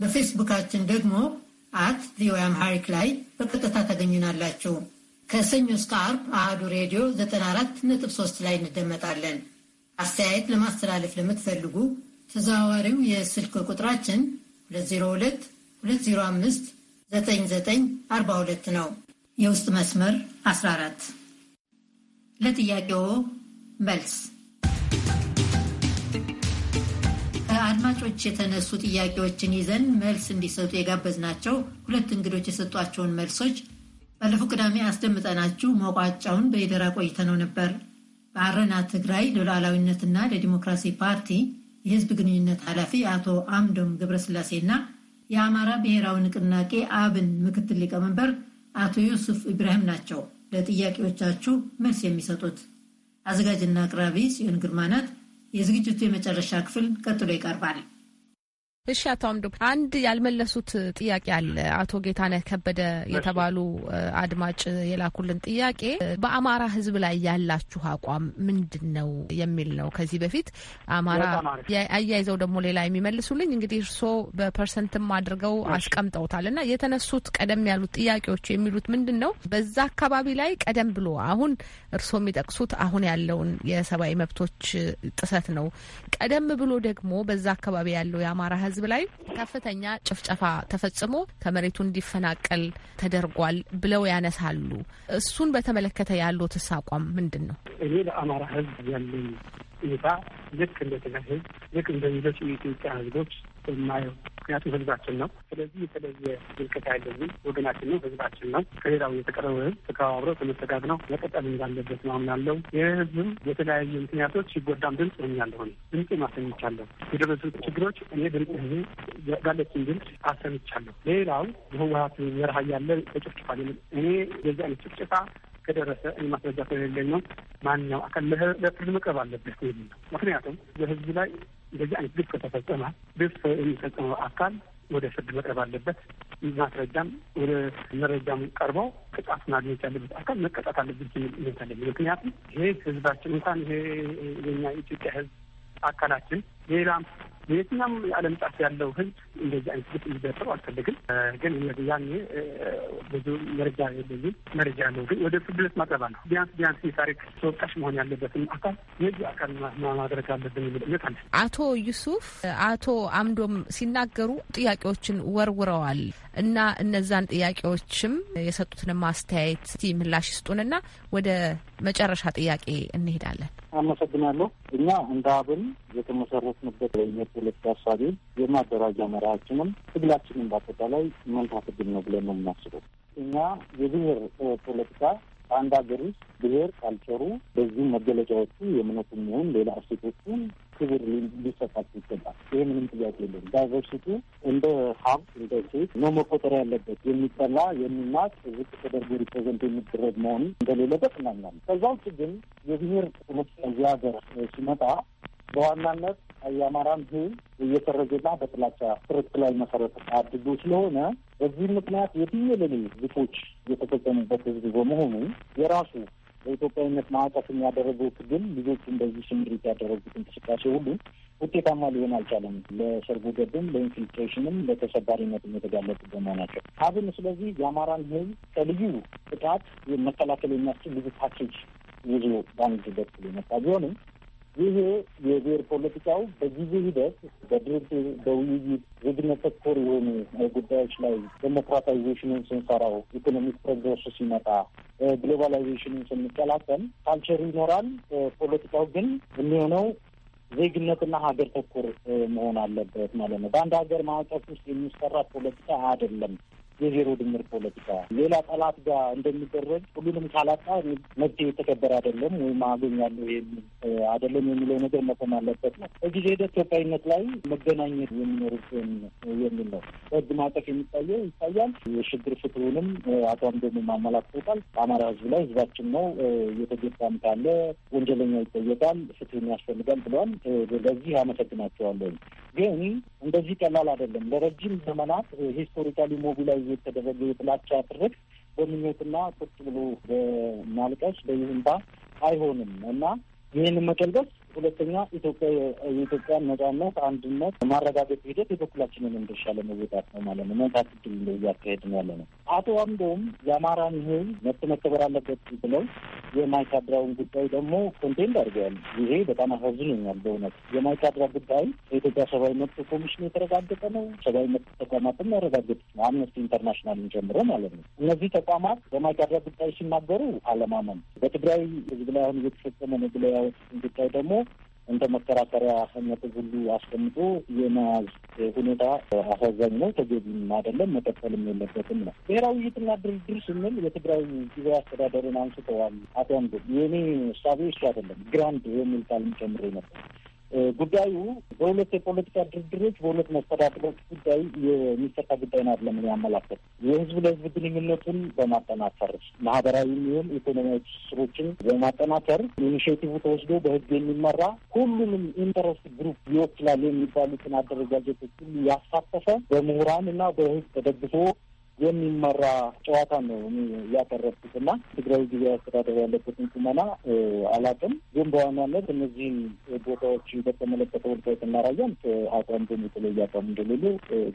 በፌስቡካችን ደግሞ አት ቪኦኤ አምሃሪክ ላይ በቀጥታ ታገኙናላችሁ። ከሰኞ እስከ አርብ አህዱ ሬዲዮ 94.3 ላይ እንደመጣለን። አስተያየት ለማስተላለፍ ለምትፈልጉ ተዘዋዋሪው የስልክ ቁጥራችን 2022059942 ነው። የውስጥ መስመር 14 ለጥያቄዎ መልስ ከአድማጮች የተነሱ ጥያቄዎችን ይዘን መልስ እንዲሰጡ የጋበዝናቸው ሁለት እንግዶች የሰጧቸውን መልሶች ባለፈው ቅዳሜ አስደምጠናችሁ መቋጫውን በኢደራ ቆይተነው ነበር። በአረና ትግራይ ለሉዓላዊነትና ለዲሞክራሲ ፓርቲ የህዝብ ግንኙነት ኃላፊ አቶ አምዶም ገብረስላሴና የአማራ ብሔራዊ ንቅናቄ አብን ምክትል ሊቀመንበር አቶ ዩሱፍ ኢብራሂም ናቸው ለጥያቄዎቻችሁ መልስ የሚሰጡት። አዘጋጅና አቅራቢ ጽዮን ግርማ ናት። የዝግጅቱ የመጨረሻ ክፍል ቀጥሎ ይቀርባል። እሺ አቶ አምዶ አንድ ያልመለሱት ጥያቄ አለ። አቶ ጌታነህ ከበደ የተባሉ አድማጭ የላኩልን ጥያቄ በአማራ ሕዝብ ላይ ያላችሁ አቋም ምንድን ነው የሚል ነው። ከዚህ በፊት አማራ አያይዘው ደግሞ ሌላ የሚመልሱልኝ እንግዲህ እርስዎ በፐርሰንትም አድርገው አስቀምጠውታል እና የተነሱት ቀደም ያሉት ጥያቄዎች የሚሉት ምንድን ነው በዛ አካባቢ ላይ ቀደም ብሎ አሁን እርስዎ የሚጠቅሱት አሁን ያለውን የሰብአዊ መብቶች ጥሰት ነው። ቀደም ብሎ ደግሞ በዛ አካባቢ ያለው የአማራ ሕዝብ ላይ ከፍተኛ ጭፍጨፋ ተፈጽሞ ከመሬቱ እንዲፈናቀል ተደርጓል ብለው ያነሳሉ። እሱን በተመለከተ ያሉትስ አቋም ምንድን ነው? እኔ ለአማራ ህዝብ ያለኝ ሁኔታ ልክ እንደ ትግራይ ሕዝብ ልክ እንደ ሌሎች የኢትዮጵያ ሕዝቦች የማየው ምክንያቱም ህዝባችን ነው። ስለዚህ የተለየ ምልከት ያለንም ወገናችን ነው፣ ህዝባችን ነው። ከሌላው የተቀረበ ህዝብ ተከባብረው ነው መቀጠል እንዳለበት ነው አምናለው። የህዝብም የተለያዩ ምክንያቶች ሲጎዳም ድምፅ ሆኛለሁ ድምፅ ማሰኝቻለሁ። የደረሱ ችግሮች እኔ ድምፅ ህዝብ ጋለችን ድምፅ አሰምቻለሁ። ሌላው በህወሀት በረሃ ያለ ተጨፍጭፏል። እኔ የዚህ አይነት ጭፍጭፋ ከደረሰ እኔ ማስረጃ ከሌለኝ ነው። ማንኛው አካል ለፍርድ መቅረብ አለበት ነው። ምክንያቱም በህዝብ ላይ እንደዚህ አይነት ግፍ ከተፈጸመ ግፍ የሚፈጸመው አካል ወደ ፍርድ መቅረብ አለበት። ማስረጃም ወደ መረጃም ቀርበው ቅጣት ማግኘት ያለበት አካል መቀጣት አለበት ምክንያቱም ይሄ ህዝባችን እንኳን ይሄ የኛ ኢትዮጵያ ህዝብ አካላችን ሌላም የትኛም የዓለም ጫፍ ያለው ህዝብ እንደዚህ አይነት ግጥ እንዲደርሰው አልፈልግም። ግን እነዚህ ያኔ ብዙ መረጃ የለኝም። መረጃ ያለው ግን ወደ ፍርድ ቤት ማቅረባ ነው። ቢያንስ ቢያንስ የታሪክ ተወቃሽ መሆን ያለበትን አካል የዚህ አካል ማድረግ አለብን የሚል እምነት አለ። አቶ ዩሱፍ አቶ አምዶም ሲናገሩ ጥያቄዎችን ወርውረዋል እና እነዛን ጥያቄዎችም የሰጡትን ማስተያየት ምላሽ ይስጡንና ወደ መጨረሻ ጥያቄ እንሄዳለን። አመሰግናለሁ። እኛ እንደ አብን የተመሰረትንበት የፖለቲካ አሳቢ የማደራጃ መርሃችንም ትግላችንን በአጠቃላይ መንታ ትግል ነው ብለን ነው የምናስበው። እኛ የብሔር ፖለቲካ በአንድ ሀገር ውስጥ ብሔር ካልቸሩ፣ በዚህም መገለጫዎቹ የእምነቱም ይሁን ሌላ እሴቶቹን ክብር ሊሰጣት ይገባል። ይህ ምንም ጥያቄ የለም። ዳይቨርሲቲ እንደ ሀብት እንደ ሴት ነው መቆጠር ያለበት። የሚጠላ የሚናቅ ዝቅ ተደርጎ ሪፕሬዘንት የሚደረግ መሆኑ እንደሌለበት እናምናለን። ከዛ ውጭ ግን የብሔር ጥቅሞች እዚህ ሀገር ሲመጣ በዋናነት የአማራን ሕዝብ እየፈረጀና በጥላቻ ክርክር ላይ መሰረት አድርጎ ስለሆነ በዚህ ምክንያት የትየለሌ ዝፎች የተፈጸሙበት ህዝብ በመሆኑ የራሱ በኢትዮጵያዊነት ማዕቀፍ የሚያደረገው ግን ልጆቹ እንደዚህ ስምሪት ያደረጉት እንቅስቃሴ ሁሉ ውጤታማ ሊሆን አልቻለም። ለሰርጎ ገብም ለኢንፊልትሬሽንም ለተሰባሪነትም የተጋለጡ በመሆናቸው አብን ስለዚህ የአማራን ህዝብ ከልዩ ጥቃት መከላከል የሚያስችል ብዙ ፓኬጅ ይዞ በአንድ በኩል የመጣ ቢሆንም ይሄ የብሔር ፖለቲካው በጊዜ ሂደት በድርድ በውይይት ዜግነት ተኮር የሆኑ ጉዳዮች ላይ ዴሞክራታይዜሽንን ስንሰራው፣ ኢኮኖሚክ ፕሮግረሱ ሲመጣ፣ ግሎባላይዜሽንን ስንቀላቀል ካልቸር ይኖራል። ፖለቲካው ግን የሚሆነው ዜግነትና ሀገር ተኮር መሆን አለበት ማለት ነው። በአንድ ሀገር ማዕቀፍ ውስጥ የሚሰራ ፖለቲካ አይደለም። የዜሮ ድምር ፖለቲካ ሌላ ጠላት ጋር እንደሚደረግ ሁሉንም ካላጣ መብት የተከበረ አይደለም ወይም አገኛለሁ አይደለም የሚለው ነገር መቆም አለበት ነው። በጊዜ ሂደት ኢትዮጵያዊነት ላይ መገናኘት የሚኖርብን የሚል ነው። በህግ ማዕቀፍ የሚታየው ይታያል። የሽግግር ፍትሁንም አቶ አምዶም አመላክቶታል። በአማራ ህዝብ ላይ ህዝባችን ነው እየተገባም ካለ ወንጀለኛ ይጠየቃል፣ ፍትህን ያስፈልጋል ብለዋል። ለዚህ አመሰግናቸዋለሁ። ግን እንደዚህ ቀላል አይደለም። ለረጅም ዘመናት ሂስቶሪካሊ ሞቢላይዝ የተደረገ የጥላቻ ትርክ በምኞትና ቁጭ ብሎ በማልቀስ በይሁንታ አይሆንም እና ይህንን መቀልበስ ሁለተኛ ኢትዮጵያ የኢትዮጵያ ነጻነት፣ አንድነት ማረጋገጥ ሂደት የበኩላችንን ድርሻ ለመወጣት ነው ማለት ነው። መንታት ድል ነው እያካሄድ ነው ያለ ነው። አቶ አምዶም የአማራን ሕዝብ መብት መከበር አለበት ብለው የማይካድራውን ጉዳይ ደግሞ ኮንቴንድ አድርገዋል። ይሄ በጣም አሳዝኖኛል በእውነት የማይካድራ ጉዳይ በኢትዮጵያ ሰብአዊ መብት ኮሚሽን የተረጋገጠ ነው። ሰብአዊ መብት ተቋማትም ያረጋገጡ ነው፣ አምነስቲ ኢንተርናሽናልን ጀምሮ ማለት ነው። እነዚህ ተቋማት በማይካድራ ጉዳይ ሲናገሩ አለማመን፣ በትግራይ ህዝብ ላይ አሁን እየተፈጸመ ነው ብለው ያወጡትን ጉዳይ ደግሞ እንደ መከራከሪያ ነጥብ ሁሉ አስቀምጦ የመያዝ ሁኔታ አሳዛኝ ነው፣ ተገቢም አይደለም፣ መቀጠልም የለበትም ነው። ብሔራዊ ውይይትና ድርድር ስንል የትግራይ ጊዜያዊ አስተዳደርን አንስተዋል አቶ አንዱ። የእኔ እሳቤ እሱ አይደለም ግራንድ የሚል ቃልም ጨምሬ ነበር። ጉዳዩ በሁለት የፖለቲካ ድርድሮች በሁለት መስተዳድሮች ጉዳይ የሚሰጣ ጉዳይ ነው አይደለም ያመላከት የህዝብ ለህዝብ ግንኙነቱን በማጠናከር ማህበራዊ የሚሆን ኢኮኖሚያዊ ትስስሮችን በማጠናከር ኢኒሽቲቭ ተወስዶ በህግ የሚመራ ሁሉንም ኢንተረስት ግሩፕ ይወክላል የሚባሉትን አደረጃጀቶች ሁሉ ያሳተፈ በምሁራን እና በህግ ተደግፎ የሚመራ ጨዋታ ነው እያቀረብኩት እና ትግራዊ ጊዜ አስተዳደር ያለበትን ቁመና አላውቅም፣ ግን በዋናነት እነዚህም ቦታዎች በተመለከተ ወልቃይትና ራያን አቋም የተለየ አቋም እንደሌሉ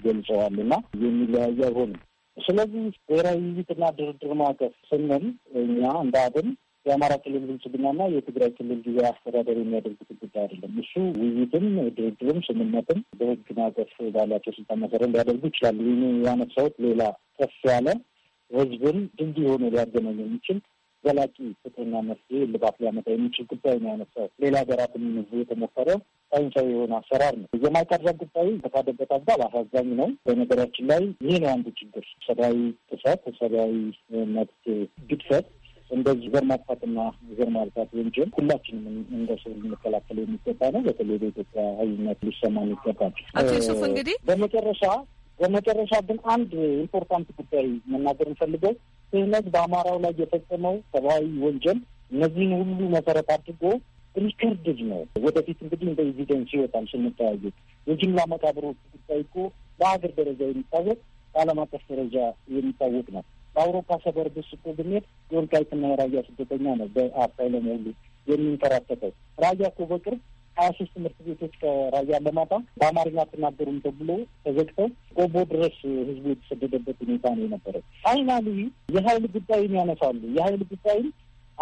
ገልጸዋል እና የሚለያየ አይሆንም። ስለዚህ ብሔራዊ ውይይትና ድርድር ማዕቀፍ ስንል እኛ እንደ አብን የአማራ ክልል ብልጽግናና የትግራይ ክልል ጊዜ አስተዳደር የሚያደርጉት ጉዳይ አይደለም። እሱ ውይይትም ድርድርም ስምነትም በህግ ማዕቀፍ ባላቸው ስልጣን መሰረት ሊያደርጉ ይችላሉ። ይህ ያነሳሁት ሌላ ከፍ ያለ ህዝብን ድልድይ ሆኖ ሊያገናኝ የሚችል ዘላቂ ፍትህና መፍትሄ ልባት ሊያመጣ የሚችል ጉዳይ ነው ያነሳው። ሌላ ሀገራትን የተሞከረ ሳይንሳዊ የሆነ አሰራር ነው። የማይቀርዛ ጉዳይ ከታደበት አግባብ አሳዛኝ ነው። በነገራችን ላይ ይህ ነው አንዱ ችግር ሰብአዊ ጥሰት፣ ሰብአዊ መብት ግድፈት እንደዚህ ዘር ማጥፋትና ዘር ማልፋት ወንጀል ሁላችንም እንደ ሰው ልንከላከል የሚገባ ነው። በተለይ በኢትዮጵያ ሕዝብነት ሊሰማ ይገባል። አቶ ዩሱፍ እንግዲህ በመጨረሻ በመጨረሻ ግን አንድ ኢምፖርታንት ጉዳይ መናገር እንፈልገው ክህነት በአማራው ላይ የፈጸመው ሰብአዊ ወንጀል እነዚህን ሁሉ መሰረት አድርጎ ሪከርድድ ነው። ወደፊት እንግዲህ እንደ ኤቪደንስ ይወጣል ስንጠያየቅ። የጅምላ መቃብሮች ጉዳይ እኮ በሀገር ደረጃ የሚታወቅ በዓለም አቀፍ ደረጃ የሚታወቅ ነው። በአውሮፓ ሰበር ብስ እኮ ብንሄድ የወልቃይትና የራያ ስደተኛ ነው በአሳይለም ሁሉ የሚንከራተተው። ራያ እኮ በቅርብ ሀያ ሶስት ትምህርት ቤቶች ከራያ አላማጣ በአማርኛ አትናገሩም ተብሎ ተዘግተው ቆቦ ድረስ ህዝቡ የተሰደደበት ሁኔታ ነው የነበረው። ፋይናሊ የሀይል ጉዳይን ያነሳሉ። የሀይል ጉዳይን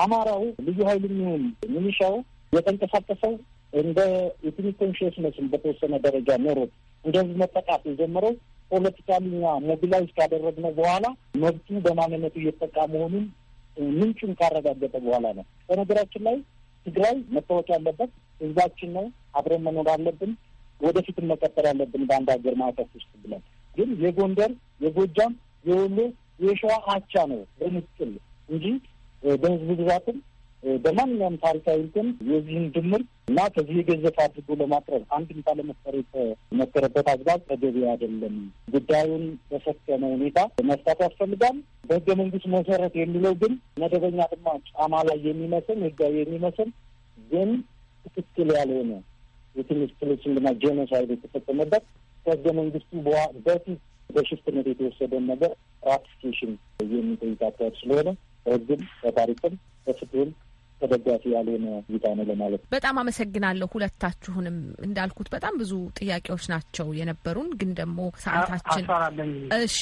አማራው ልዩ ሀይል የሚሆን ሚኒሻው የተንቀሳቀሰው እንደ ኢትኒክ ኮንሽስነስን በተወሰነ ደረጃ ኖሮት እንደዚህ መጠቃት የጀመረው ፖለቲካልኛ ሞቢላይዝ ካደረግነው በኋላ መብቱ በማንነቱ እየተጠቃ መሆኑን ምንጩን ካረጋገጠ በኋላ ነው። በነገራችን ላይ ትግራይ መታወቅ ያለበት ህዝባችን ነው። አብረን መኖር አለብን። ወደፊት መቀጠል አለብን በአንድ ሀገር ማዕቀፍ ውስጥ ብለን ግን የጎንደር የጎጃም የወሎ የሸዋ አቻ ነው በምስል እንጂ በህዝብ ብዛትም በማንኛውም ታሪካዊ እንትን የዚህን ድምር እና ከዚህ የገዘፈ አድርጎ ለማቅረብ አንድ እንኳ ለመፍጠር የተሞከረበት አግባብ ተገቢ አይደለም። ጉዳዩን በሰከነ ሁኔታ መፍታት ያስፈልጋል። በህገ መንግስት መሰረት የሚለው ግን መደበኛ ድማ ጫማ ላይ የሚመስል ህጋዊ የሚመስል ግን ትክክል ያልሆነ የትንሽ ክልችልና ጄኖሳይድ የተፈጸመበት ከህገ መንግስቱ በፊት በሽፍትነት የተወሰደን ነገር ራቲፊኬሽን የሚጠይቅ አካሄድ ስለሆነ በህግም በታሪክም በፍትህም ተደጋፊ ያልሆነ እይታ ነው ለማለት ነው። በጣም አመሰግናለሁ ሁለታችሁንም። እንዳልኩት በጣም ብዙ ጥያቄዎች ናቸው የነበሩን፣ ግን ደግሞ ሰዓታችን እሺ፣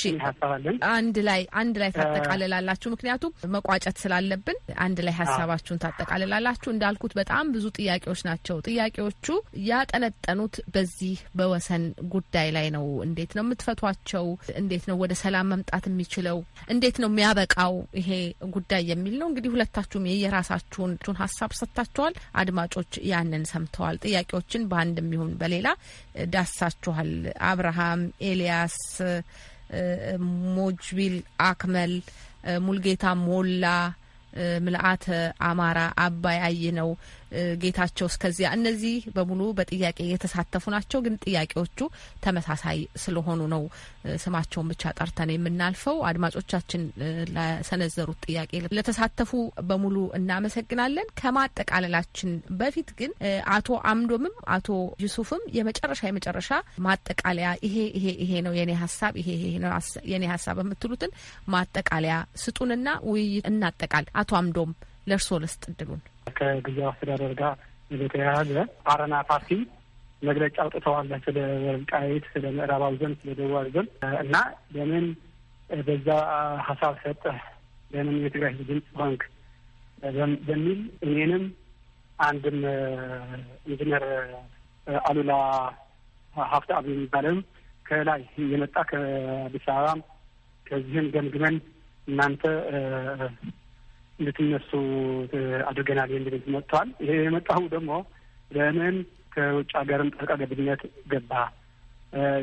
አንድ ላይ አንድ ላይ ታጠቃልላላችሁ፣ ምክንያቱም መቋጨት ስላለብን አንድ ላይ ሀሳባችሁን ታጠቃልላላችሁ። እንዳልኩት በጣም ብዙ ጥያቄዎች ናቸው። ጥያቄዎቹ ያጠነጠኑት በዚህ በወሰን ጉዳይ ላይ ነው። እንዴት ነው የምትፈቷቸው? እንዴት ነው ወደ ሰላም መምጣት የሚችለው? እንዴት ነው የሚያበቃው ይሄ ጉዳይ የሚል ነው። እንግዲህ ሁለታችሁም የየራሳችሁ የአድማጮቹን ሀሳብ ሰጥታችኋል። አድማጮች ያንን ሰምተዋል። ጥያቄዎችን በአንድ የሚሆን በሌላ ዳሳችኋል። አብርሃም፣ ኤልያስ፣ ሞጅቢል አክመል፣ ሙልጌታ ሞላ፣ ምልአተ አማራ፣ አባይ አይ ነው ጌታቸው እስከዚያ እነዚህ በሙሉ በጥያቄ የተሳተፉ ናቸው። ግን ጥያቄዎቹ ተመሳሳይ ስለሆኑ ነው ስማቸውን ብቻ ጠርተን የምናልፈው። አድማጮቻችን ለሰነዘሩት ጥያቄ ለተሳተፉ በሙሉ እናመሰግናለን። ከማጠቃለላችን በፊት ግን አቶ አምዶምም አቶ ዩሱፍም የመጨረሻ የመጨረሻ ማጠቃለያ ይሄ ይሄ ይሄ ነው የኔ ሀሳብ ይሄ ይሄ ነው የኔ ሀሳብ የምትሉትን ማጠቃለያ ስጡንና ውይይት እናጠቃል። አቶ አምዶም ለእርስዎ ልስጥ እድሉን። ከጊዜያዊ አስተዳደር ጋር በተያያዘ አረና ፓርቲ መግለጫ አውጥተዋል። ስለ ወልቃይት፣ ስለ ምዕራባዊ ዞን፣ ስለ ደቡባዊ ዞን እና ለምን በዛ ሀሳብ ሰጠህ ለምን የትግራይ ህዝብ ድምፅ ባንክ በሚል እኔንም አንድም ኢንጂነር አሉላ አብ የሚባለም ከላይ የመጣ ከአዲስ አበባ ከዚህም ገምግመን እናንተ እንድትነሱ አድርገናል የሚል መጥተዋል። ይሄ የመጣው ደግሞ ለምን ከውጭ ሀገርም ጣልቃ ገብነት ገባ፣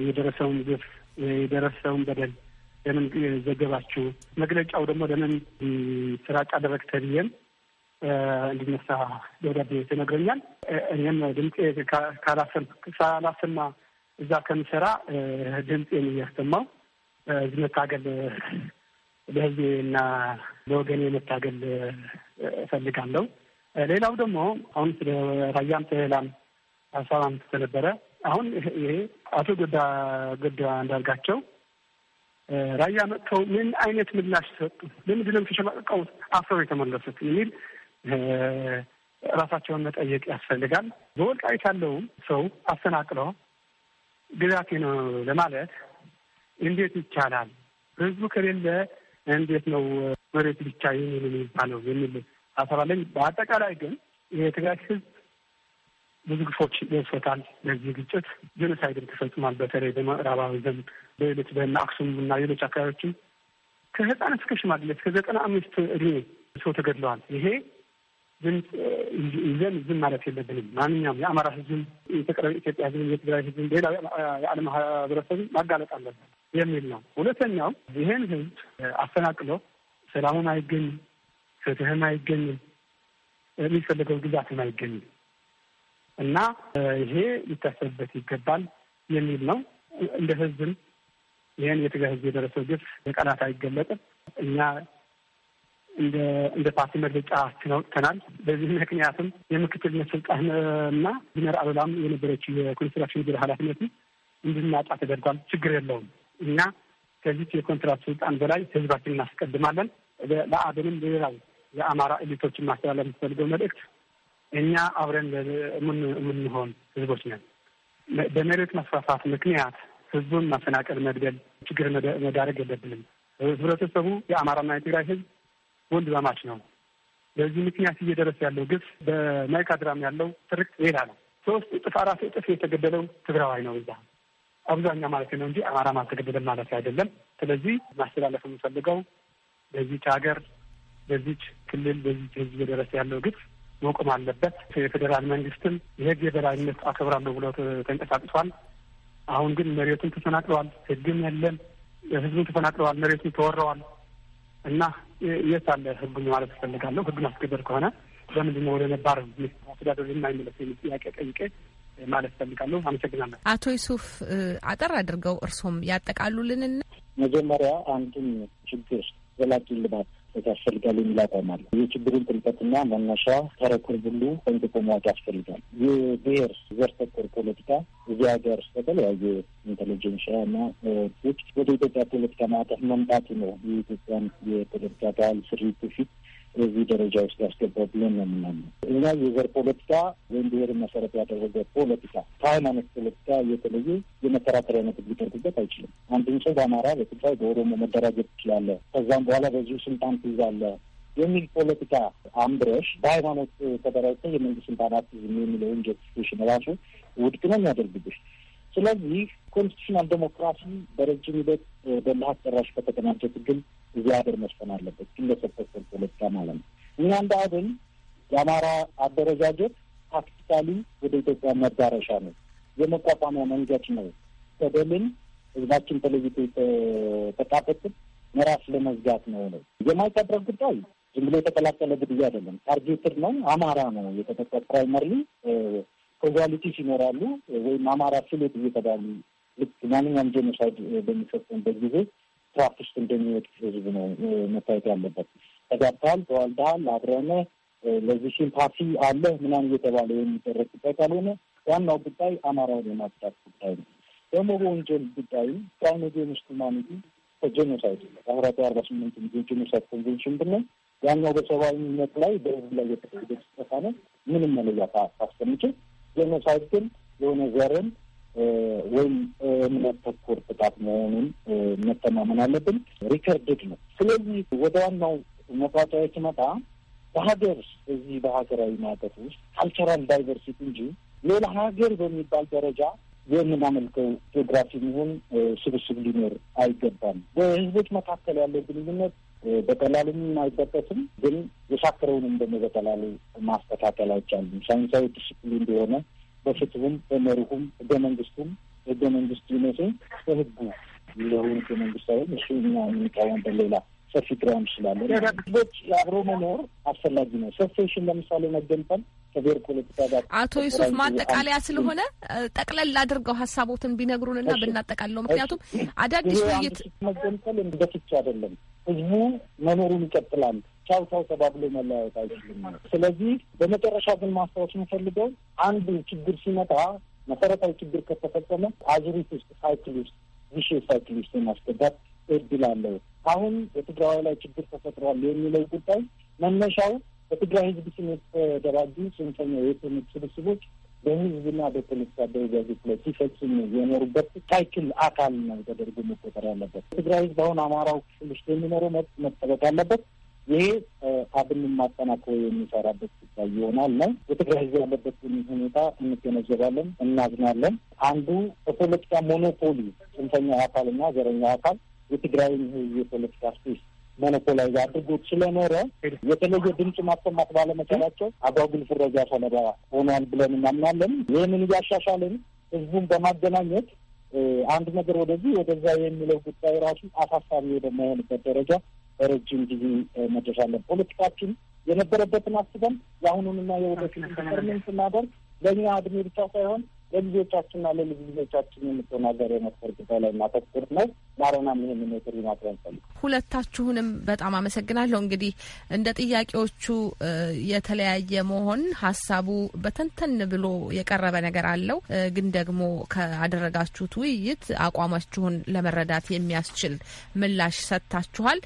የደረሰውን ግፍ የደረሰውን በደል ለምን ዘገባችሁ፣ መግለጫው ደግሞ ለምን ስራጭ አደረግ ተብዬም እንዲነሳ ደብዳቤ ተነግረኛል። እኔም ድምፄ ካላሰማ እዛ ከምሰራ ድምፄን እያሰማው እዚህ መታገል በህዝቤና ለወገኔ መታገል እፈልጋለሁ። ሌላው ደግሞ አሁን ስለ ራያም ሰላም ሀሳብ አንስተ አሁን ይሄ አቶ ጎዳ ጎዳ እንዳርጋቸው ራያ መጥተው ምን አይነት ምላሽ ሰጡ? ለምንድን ነው ተሸማቀቀው አፍረው የተመለሱት? የሚል ራሳቸውን መጠየቅ ያስፈልጋል። በወልቃይት ያለው ሰው አፈናቅሎ ግዛቴ ነው ለማለት እንዴት ይቻላል? ህዝቡ ከሌለ እንዴት ነው መሬት ብቻ የሚል የሚባለው የሚል ሀሳብ አለኝ። በአጠቃላይ ግን የትግራይ ህዝብ ብዙ ግፎች ደርሶታል። ለዚህ ግጭት ጀኖሳይድም ተፈጽሟል። በተለይ በምዕራባዊ ዘም በሌሎች በእነ አክሱም እና ሌሎች አካባቢዎችም ከህፃን እስከ ሽማግሌ እስከ ዘጠና አምስት እድሜ ሰው ተገድለዋል። ይሄ ድምፅ ይዘን ዝም ማለት የለብንም። ማንኛውም የአማራ ህዝብም፣ የተቀረ ኢትዮጵያ ህዝብም፣ የትግራይ ህዝብም፣ ሌላ የዓለም ህብረተሰብ ማጋለጥ አለበት። የሚል ነው። ሁለተኛው ይህን ህዝብ አፈናቅሎ ሰላሙም አይገኝም፣ ፍትህም አይገኝም፣ የሚፈልገው ግዛትም አይገኝም እና ይሄ ሊታሰብበት ይገባል የሚል ነው። እንደ ህዝብም ይህን የትግራይ ህዝብ የደረሰው ግፍ በቃላት አይገለጥም። እኛ እንደ ፓርቲ መግለጫ አስተናውቅተናል። በዚህ ምክንያትም የምክትልነት እና ቢነር አሉላም የነበረችው የኮንስትራክሽን ቢሮ ኃላፊነትን እንድናጣ ተደርጓል። ችግር የለውም። እና ከዚህ የኮንትራት ስልጣን በላይ ህዝባችን እናስቀድማለን። ለአብንም ሌላው የአማራ ኤሊቶችን ማስተላለፍ የምትፈልገው መልእክት እኛ አብረን የምንሆን ህዝቦች ነን። በመሬት መስፋፋት ምክንያት ህዝቡን ማፈናቀል፣ መግደል፣ ችግር መዳረግ የለብንም። ህብረተሰቡ የአማራና የትግራይ ህዝብ ወንድማማች ነው። በዚህ ምክንያት እየደረሰ ያለው ግፍ በማይካድራም ያለው ትርክ ሌላ ነው። ሶስት እጥፍ አራት እጥፍ የተገደለው ትግራዋይ ነው እዛ አብዛኛው ማለት ነው እንጂ አማራ ማልተገደደም ማለት አይደለም። ስለዚህ ማስተላለፍ የምንፈልገው በዚች ሀገር፣ በዚች ክልል፣ በዚች ህዝብ የደረሰ ያለው ግፍ መቆም አለበት። የፌዴራል መንግስትም የህግ የበላይነት አከብራለሁ ብሎ ተንቀሳቅሷል። አሁን ግን መሬቱን ተፈናቅለዋል፣ ህግም የለም። ህዝቡን ተፈናቅለዋል፣ መሬቱን ተወረዋል። እና የት አለ ህጉን ማለት እፈልጋለሁ። ህጉን አስገበር ከሆነ ለምንድን ወደ ነባር አስተዳደር የማይመለስ የሚል ጥያቄ ጠይቄ ማለት እፈልጋለሁ። አመሰግናለሁ። አቶ ይሱፍ አጠር አድርገው እርሶም ያጠቃሉልንና መጀመሪያ አንድን ችግር ዘላቂ ልባት ያስፈልጋል የሚል አቋም አለ። የችግሩን ጥልቀትና መነሻ ተረኩር ብሉ ጠንቅቆ ማወቅ ያስፈልጋል። የብሔር ዘር ተኮር ፖለቲካ እዚህ ሀገር በተለያየ ኢንቴሊጀንሽያ እና ወደ ኢትዮጵያ ፖለቲካ ማዕቀፍ መምጣቱ ነው የኢትዮጵያን የፖለቲካ ባህል ስሪት በፊት እዚህ ደረጃ ውስጥ ያስገባው ብለን ነው የምናምነው። እኛ የዘር ፖለቲካ ወይም ብሔርን መሰረት ያደረገ ፖለቲካ ከሃይማኖት ፖለቲካ የተለየ የመከራከሪያ አይነት ሊደርግበት አይችልም። አንድን ሰው በአማራ፣ በትግራይ፣ በኦሮሞ መደራጀት ትችላለህ፣ ከዛም በኋላ በዚሁ ስልጣን ትይዛለህ የሚል ፖለቲካ አምብረሽ በሃይማኖት ተደራጅተ የመንግስት ስልጣን አትይዝም የሚለው ጀስቲፊኬሽን ራሱ ውድቅ ነው የሚያደርግብሽ። ስለዚህ ኮንስቲቱሽናል ዴሞክራሲ በረጅም ሂደት በልሀት ጨራሽ ከተቀናጀ ትግል እዚህ ሀገር መሽፈን አለበት፣ ግለሰብ ተኮር ፖለቲካ ማለት ነው። እኛ እንደ አብን የአማራ አደረጃጀት ታክቲካሊ ወደ ኢትዮጵያ መዳረሻ ነው፣ የመቋቋሚያ መንገድ ነው። በደልን ህዝባችን ተለይቶ ተቃጠትን ምዕራፍ ለመዝጋት ነው ነው የማይቀረብ ጉዳይ ዝም ብሎ የተቀላቀለ ግድያ አይደለም። ታርጌትድ ነው። አማራ ነው የተጠቀት ፕራይመርሊ ኮዛሊቲስ ይኖራሉ ወይም አማራ ስሌት እየተባሉ ልክ ማንኛውም ጄኖሳይድ በሚፈጸምበት ጊዜ ትራፕ ውስጥ እንደሚወድቅ ህዝብ ነው መታየት ያለበት። ተጋብተሃል፣ ተዋልደሃል፣ አብረነ ለዚህ ፓርቲ አለ ምናምን እየተባለ የሚደረግ ጉዳይ ካልሆነ ዋናው ጉዳይ አማራውን የማጽዳት ጉዳይ ነው። ደግሞ በወንጀል ጉዳዩም ፕራይሜዲየምስቱ ማንዱ ለ አስራ አርባ ስምንት የጄኖሳይድ ኮንቬንሽን ብለን ያኛው በሰብአዊነት ላይ በህዝብ ላይ የተካሄደ ስጠፋ ነው ምንም መለያ አስቀምጭም። ጀኖሳይድ ግን የሆነ ዘርን ወይም እምነት ተኮር ጥቃት መሆኑን መተማመን አለብን። ሪከርድድ ነው። ስለዚህ ወደ ዋናው መቋጫዊ ሲመጣ በሀገር እዚህ በሀገራዊ ማዕቀፍ ውስጥ ካልቸራል ዳይቨርሲቲ እንጂ ሌላ ሀገር በሚባል ደረጃ የምናመልከው ጂኦግራፊ የሚሆን ስብስብ ሊኖር አይገባም። በህዝቦች መካከል ያለው ግንኙነት በቀላሉም አይጠቀስም፣ ግን የሻከረውንም ደግሞ በቀላሉ ማስተካከል አይቻልም። ሳይንሳዊ ዲስፕሊን እንደሆነ በፍትሁም በመርሁም ህገ መንግስቱም ህገ መንግስት ይመስል በህጉ ለሆኑ ህገ መንግስታዊ እሱ እኛ የሚቃወም በሌላ ሰፊ ግራውንድ ስላለ ህዝቦች አብሮ መኖር አስፈላጊ ነው። ሰፌሽን ለምሳሌ መገንጠል ከብሔር ፖለቲካ ጋር አቶ ዩሱፍ ማጠቃለያ ስለሆነ ጠቅለል አድርገው ሀሳቦትን ቢነግሩንና ብናጠቃለው ምክንያቱም አዳዲስ ውይይት መገንጠል በፍቻ አይደለም ህዝቡ መኖሩን ይቀጥላል። ቻው ቻው ተባብሎ መለያየት አይችልም። ስለዚህ በመጨረሻ ግን ማስታወስ የምፈልገው አንድ ችግር ሲመጣ መሰረታዊ ችግር ከተፈጸመ አዙሪት ውስጥ ሳይክል ውስጥ ቪሽ ሳይክል ውስጥ የማስገባት እድል አለው። አሁን በትግራዊ ላይ ችግር ተፈጥሯል የሚለው ጉዳይ መነሻው በትግራይ ህዝብ ስም የተደራጁ ጽንፈኛ የትምህርት ስብስቦች በህዝብና በፖለቲካ አደረጃጀት ላይ ሲፈጽሙ የኖሩበት ሳይክል አካል ነው ተደርጎ መቆጠር ያለበት። ትግራይ ህዝብ አሁን አማራው ክፍል ውስጥ የሚኖረው መጠበቅ አለበት። ይሄ አብን ማጠናክሮ የሚሰራበት ጉዳይ ይሆናል ነው። የትግራይ ህዝብ ያለበት ሁኔታ እንገነዘባለን፣ እናዝናለን። አንዱ በፖለቲካ ሞኖፖሊ ጽንፈኛ አካልና ዘረኛ አካል የትግራይን ህዝብ የፖለቲካ ስፔስ ሞኖፖላይዝ አድርጎት ስለኖረ የተለየ ድምፅ ማሰማት ባለመቻላቸው አጓጉል ፍረጃ ሰለባ ሆኗል ብለን እናምናለን። ይህንን እያሻሻልን ህዝቡን በማገናኘት አንድ ነገር ወደዚህ ወደዛ የሚለው ጉዳይ ራሱ አሳሳቢ ወደማይሆንበት ደረጃ በረጅም ጊዜ መድረሻ አለን። ፖለቲካችን የነበረበትን አስበን የአሁኑንና የወደፊት ምን ስናደርግ ለእኛ እድሜ ብቻ ሳይሆን ለልጆቻችንና ለልጅ ልጆቻችን የምትሆን ሀገር የመፍጠር ጉዳይ ላይ ማተኩር ነው። ማረናም ይህንን የትሪ ማቅረብ ፈልግ ሁለታችሁንም በጣም አመሰግናለሁ። እንግዲህ እንደ ጥያቄዎቹ የተለያየ መሆን ሀሳቡ በተንተን ብሎ የቀረበ ነገር አለው፣ ግን ደግሞ ከአደረጋችሁት ውይይት አቋማችሁን ለመረዳት የሚያስችል ምላሽ ሰጥታችኋል።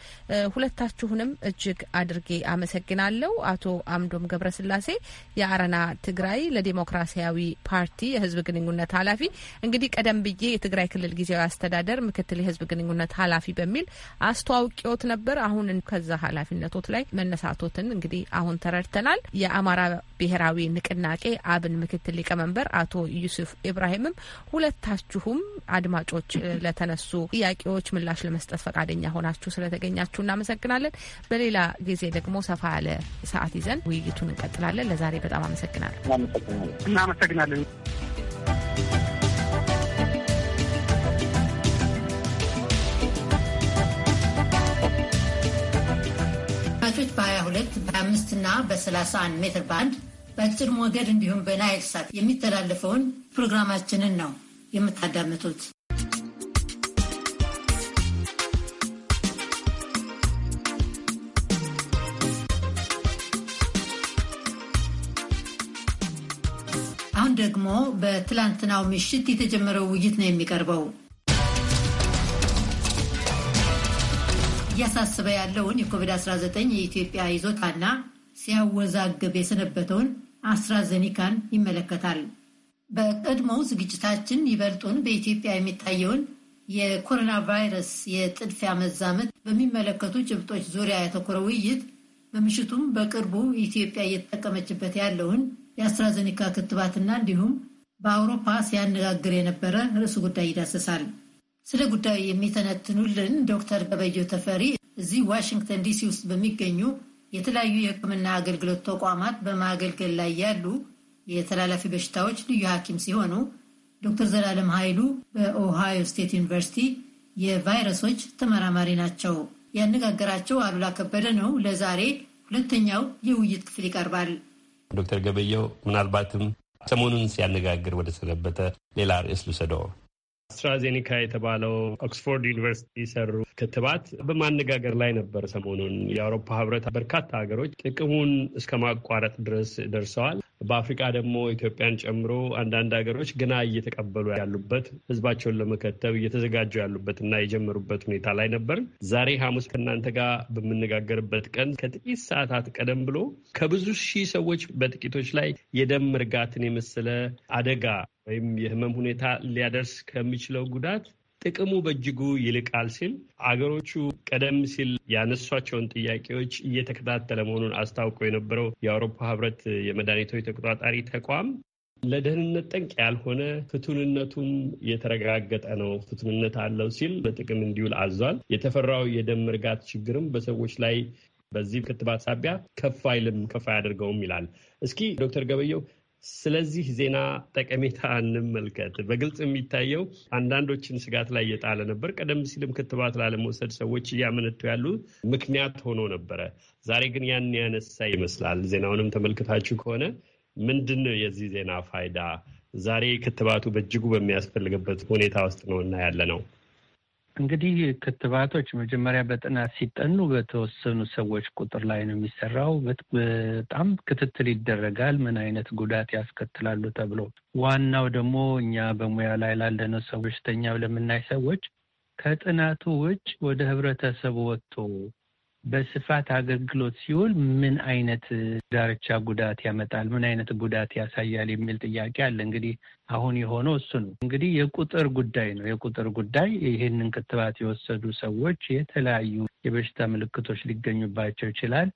ሁለታችሁንም እጅግ አድርጌ አመሰግናለሁ። አቶ አምዶም ገብረስላሴ የአረና ትግራይ ለዲሞክራሲያዊ ፓርቲ የህዝብ ግንኙነት ኃላፊ እንግዲህ ቀደም ብዬ የትግራይ ክልል ጊዜያዊ አስተዳደር ምክትል የህዝብ ግንኙነት ኃላፊ በሚል አስ አስተዋውቂዎት ነበር። አሁን ከዛ ኃላፊነቶት ላይ መነሳቶትን እንግዲህ አሁን ተረድተናል። የአማራ ብሔራዊ ንቅናቄ አብን ምክትል ሊቀመንበር አቶ ዩሱፍ ኢብራሂምም ሁለታችሁም አድማጮች ለተነሱ ጥያቄዎች ምላሽ ለመስጠት ፈቃደኛ ሆናችሁ ስለተገኛችሁ እናመሰግናለን። በሌላ ጊዜ ደግሞ ሰፋ ያለ ሰዓት ይዘን ውይይቱን እንቀጥላለን። ለዛሬ በጣም አመሰግናለን። እናመሰግናለን። አድማጮች በ22 በ25 እና በ31 ሜትር ባንድ በአጭር ሞገድ እንዲሁም በናይል ሳት የሚተላለፈውን ፕሮግራማችንን ነው የምታዳምጡት። አሁን ደግሞ በትላንትናው ምሽት የተጀመረው ውይይት ነው የሚቀርበው። እያሳስበ ያለውን የኮቪድ-19 የኢትዮጵያ ይዞታና ሲያወዛግብ የሰነበተውን አስትራዘኒካን ይመለከታል። በቀድሞው ዝግጅታችን ይበልጡን በኢትዮጵያ የሚታየውን የኮሮና ቫይረስ የጥድፊያ መዛመት በሚመለከቱ ጭብጦች ዙሪያ ያተኮረ ውይይት፣ በምሽቱም በቅርቡ ኢትዮጵያ እየተጠቀመችበት ያለውን የአስትራዘኒካ ክትባትና እንዲሁም በአውሮፓ ሲያነጋግር የነበረ ርዕስ ጉዳይ ይዳሰሳል። ስለ ጉዳዩ የሚተነትኑልን ዶክተር ገበየሁ ተፈሪ እዚህ ዋሽንግተን ዲሲ ውስጥ በሚገኙ የተለያዩ የሕክምና አገልግሎት ተቋማት በማገልገል ላይ ያሉ የተላላፊ በሽታዎች ልዩ ሐኪም ሲሆኑ ዶክተር ዘላለም ኃይሉ በኦሃዮ ስቴት ዩኒቨርሲቲ የቫይረሶች ተመራማሪ ናቸው። ያነጋገራቸው አሉላ ከበደ ነው። ለዛሬ ሁለተኛው የውይይት ክፍል ይቀርባል። ዶክተር ገበየው ምናልባትም ሰሞኑን ሲያነጋግር ወደ ሰነበተ ሌላ ርዕስ ልውሰደው። አስትራዜኒካ የተባለው ኦክስፎርድ ዩኒቨርሲቲ የሰሩ ክትባት በማነጋገር ላይ ነበር። ሰሞኑን የአውሮፓ ህብረት በርካታ ሀገሮች ጥቅሙን እስከ ማቋረጥ ድረስ ደርሰዋል። በአፍሪቃ ደግሞ ኢትዮጵያን ጨምሮ አንዳንድ ሀገሮች ገና እየተቀበሉ ያሉበት ህዝባቸውን ለመከተብ እየተዘጋጁ ያሉበት እና የጀመሩበት ሁኔታ ላይ ነበር። ዛሬ ሐሙስ ከእናንተ ጋር በምነጋገርበት ቀን ከጥቂት ሰዓታት ቀደም ብሎ ከብዙ ሺህ ሰዎች በጥቂቶች ላይ የደም እርጋትን የመሰለ አደጋ ወይም የህመም ሁኔታ ሊያደርስ ከሚችለው ጉዳት ጥቅሙ በእጅጉ ይልቃል ሲል አገሮቹ ቀደም ሲል ያነሷቸውን ጥያቄዎች እየተከታተለ መሆኑን አስታውቆ የነበረው የአውሮፓ ህብረት የመድኃኒቶች ተቆጣጣሪ ተቋም ለደህንነት ጠንቅ ያልሆነ ፍቱንነቱም የተረጋገጠ ነው፣ ፍቱንነት አለው ሲል በጥቅም እንዲውል አዟል። የተፈራው የደም እርጋት ችግርም በሰዎች ላይ በዚህ ክትባት ሳቢያ ከፍ አይልም ከፍ አያደርገውም ይላል። እስኪ ዶክተር ገበየው ስለዚህ ዜና ጠቀሜታ እንመልከት። በግልጽ የሚታየው አንዳንዶችን ስጋት ላይ እየጣለ ነበር። ቀደም ሲልም ክትባት ላለመውሰድ ሰዎች እያመነቱ ያሉ ምክንያት ሆኖ ነበረ። ዛሬ ግን ያን ያነሳ ይመስላል። ዜናውንም ተመልክታችሁ ከሆነ ምንድን ነው የዚህ ዜና ፋይዳ? ዛሬ ክትባቱ በእጅጉ በሚያስፈልግበት ሁኔታ ውስጥ ነው እና ያለ ነው እንግዲህ ክትባቶች መጀመሪያ በጥናት ሲጠኑ በተወሰኑ ሰዎች ቁጥር ላይ ነው የሚሰራው። በጣም ክትትል ይደረጋል፣ ምን አይነት ጉዳት ያስከትላሉ ተብሎ። ዋናው ደግሞ እኛ በሙያ ላይ ላለነው ሰዎች በሽተኛ ለምናይ ሰዎች ከጥናቱ ውጭ ወደ ህብረተሰቡ ወጥቶ በስፋት አገልግሎት ሲውል ምን አይነት ዳርቻ ጉዳት ያመጣል፣ ምን አይነት ጉዳት ያሳያል የሚል ጥያቄ አለ። እንግዲህ አሁን የሆነው እሱ ነው። እንግዲህ የቁጥር ጉዳይ ነው። የቁጥር ጉዳይ ይህንን ክትባት የወሰዱ ሰዎች የተለያዩ የበሽታ ምልክቶች ሊገኙባቸው ይችላል።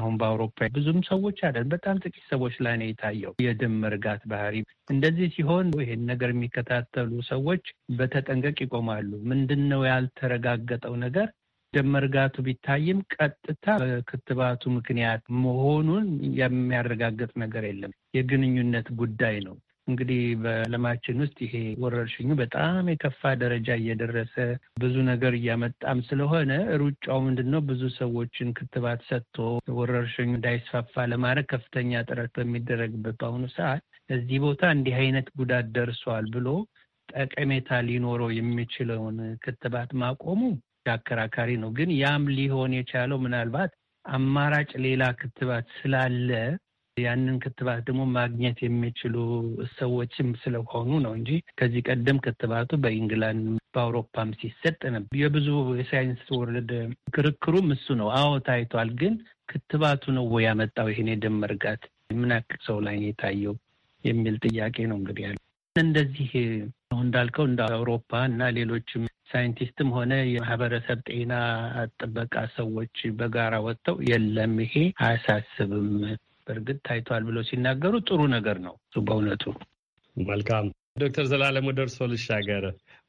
አሁን በአውሮፓ ብዙም ሰዎች አይደል፣ በጣም ጥቂት ሰዎች ላይ ነው የታየው የደም መርጋት ባህሪ። እንደዚህ ሲሆን ይህን ነገር የሚከታተሉ ሰዎች በተጠንቀቅ ይቆማሉ። ምንድን ነው ያልተረጋገጠው ነገር ደም መርጋቱ ቢታይም ቀጥታ በክትባቱ ምክንያት መሆኑን የሚያረጋግጥ ነገር የለም። የግንኙነት ጉዳይ ነው። እንግዲህ በዓለማችን ውስጥ ይሄ ወረርሽኙ በጣም የከፋ ደረጃ እየደረሰ ብዙ ነገር እያመጣም ስለሆነ ሩጫው ምንድን ነው? ብዙ ሰዎችን ክትባት ሰጥቶ ወረርሽኙ እንዳይስፋፋ ለማድረግ ከፍተኛ ጥረት በሚደረግበት በአሁኑ ሰዓት እዚህ ቦታ እንዲህ አይነት ጉዳት ደርሷል ብሎ ጠቀሜታ ሊኖረው የሚችለውን ክትባት ማቆሙ አከራካሪ ነው። ግን ያም ሊሆን የቻለው ምናልባት አማራጭ ሌላ ክትባት ስላለ ያንን ክትባት ደግሞ ማግኘት የሚችሉ ሰዎችም ስለሆኑ ነው እንጂ ከዚህ ቀደም ክትባቱ በኢንግላንድ በአውሮፓም ሲሰጥ ነበር። የብዙ የሳይንስ ወርልድ ክርክሩም እሱ ነው። አዎ ታይቷል። ግን ክትባቱ ነው ወይ ያመጣው ይህን የደም መርጋት ምን ያክል ሰው ላይ የታየው የሚል ጥያቄ ነው እንግዲህ ያለ እንደዚህ አሁን እንዳልከው እንደ አውሮፓ እና ሌሎችም ሳይንቲስትም ሆነ የማህበረሰብ ጤና ጥበቃ ሰዎች በጋራ ወጥተው የለም ይሄ አያሳስብም፣ በእርግጥ ታይቷል ብለው ሲናገሩ ጥሩ ነገር ነው በእውነቱ። መልካም ዶክተር ዘላለም ወደ እርሶ ልሻገር።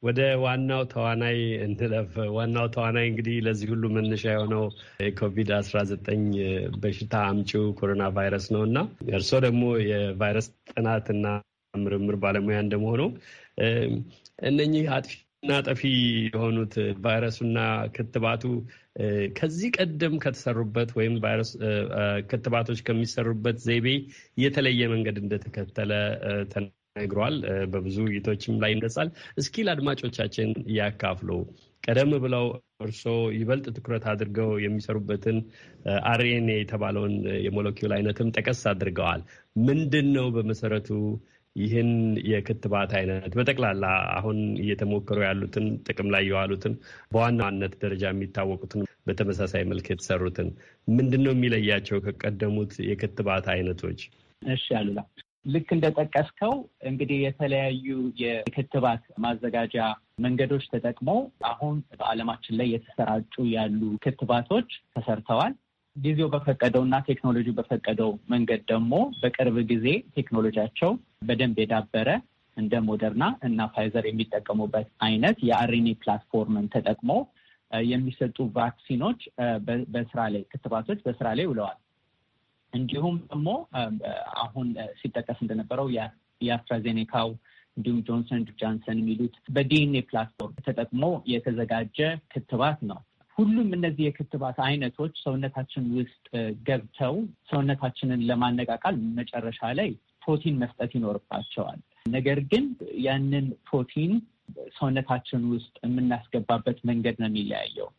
ወደ ዋናው ተዋናይ እንለፍ። ዋናው ተዋናይ እንግዲህ ለዚህ ሁሉ መነሻ የሆነው የኮቪድ 19 በሽታ አምጪው ኮሮና ቫይረስ ነው እና እርስዎ ደግሞ የቫይረስ ጥናትና ምርምር ባለሙያ እንደመሆነው እነኚህ አጥፊና ጠፊ የሆኑት ቫይረሱና ክትባቱ ከዚህ ቀደም ከተሰሩበት ወይም ቫይረስ ክትባቶች ከሚሰሩበት ዘይቤ የተለየ መንገድ እንደተከተለ ተነግሯል። በብዙ ውይይቶችም ላይ ይነሳል። እስኪ ለአድማጮቻችን ያካፍሉ። ቀደም ብለው እርስዎ ይበልጥ ትኩረት አድርገው የሚሰሩበትን አርኤንኤ የተባለውን የሞለኪውል አይነትም ጠቀስ አድርገዋል። ምንድን ነው በመሰረቱ ይህን የክትባት አይነት በጠቅላላ አሁን እየተሞከሩ ያሉትን ጥቅም ላይ የዋሉትን በዋናነት ደረጃ የሚታወቁትን በተመሳሳይ መልክ የተሰሩትን ምንድን ነው የሚለያቸው ከቀደሙት የክትባት አይነቶች? እሺ አሉላ፣ ልክ እንደጠቀስከው እንግዲህ የተለያዩ የክትባት ማዘጋጃ መንገዶች ተጠቅመው አሁን በዓለማችን ላይ የተሰራጩ ያሉ ክትባቶች ተሰርተዋል። ጊዜው በፈቀደው እና ቴክኖሎጂ በፈቀደው መንገድ ደግሞ በቅርብ ጊዜ ቴክኖሎጂያቸው በደንብ የዳበረ እንደ ሞደርና እና ፋይዘር የሚጠቀሙበት አይነት የአርኤንኤ ፕላትፎርምን ተጠቅሞ የሚሰጡ ቫክሲኖች በስራ ላይ ክትባቶች በስራ ላይ ውለዋል። እንዲሁም ደግሞ አሁን ሲጠቀስ እንደነበረው የአስትራዜኔካው እንዲሁም ጆንሰን ጃንሰን የሚሉት በዲኤንኤ ፕላትፎርም ተጠቅሞ የተዘጋጀ ክትባት ነው። ሁሉም እነዚህ የክትባት አይነቶች ሰውነታችን ውስጥ ገብተው ሰውነታችንን ለማነቃቃል መጨረሻ ላይ ፕሮቲን መስጠት ይኖርባቸዋል። ነገር ግን ያንን ፕሮቲን ሰውነታችን ውስጥ የምናስገባበት መንገድ ነው የሚለያየው።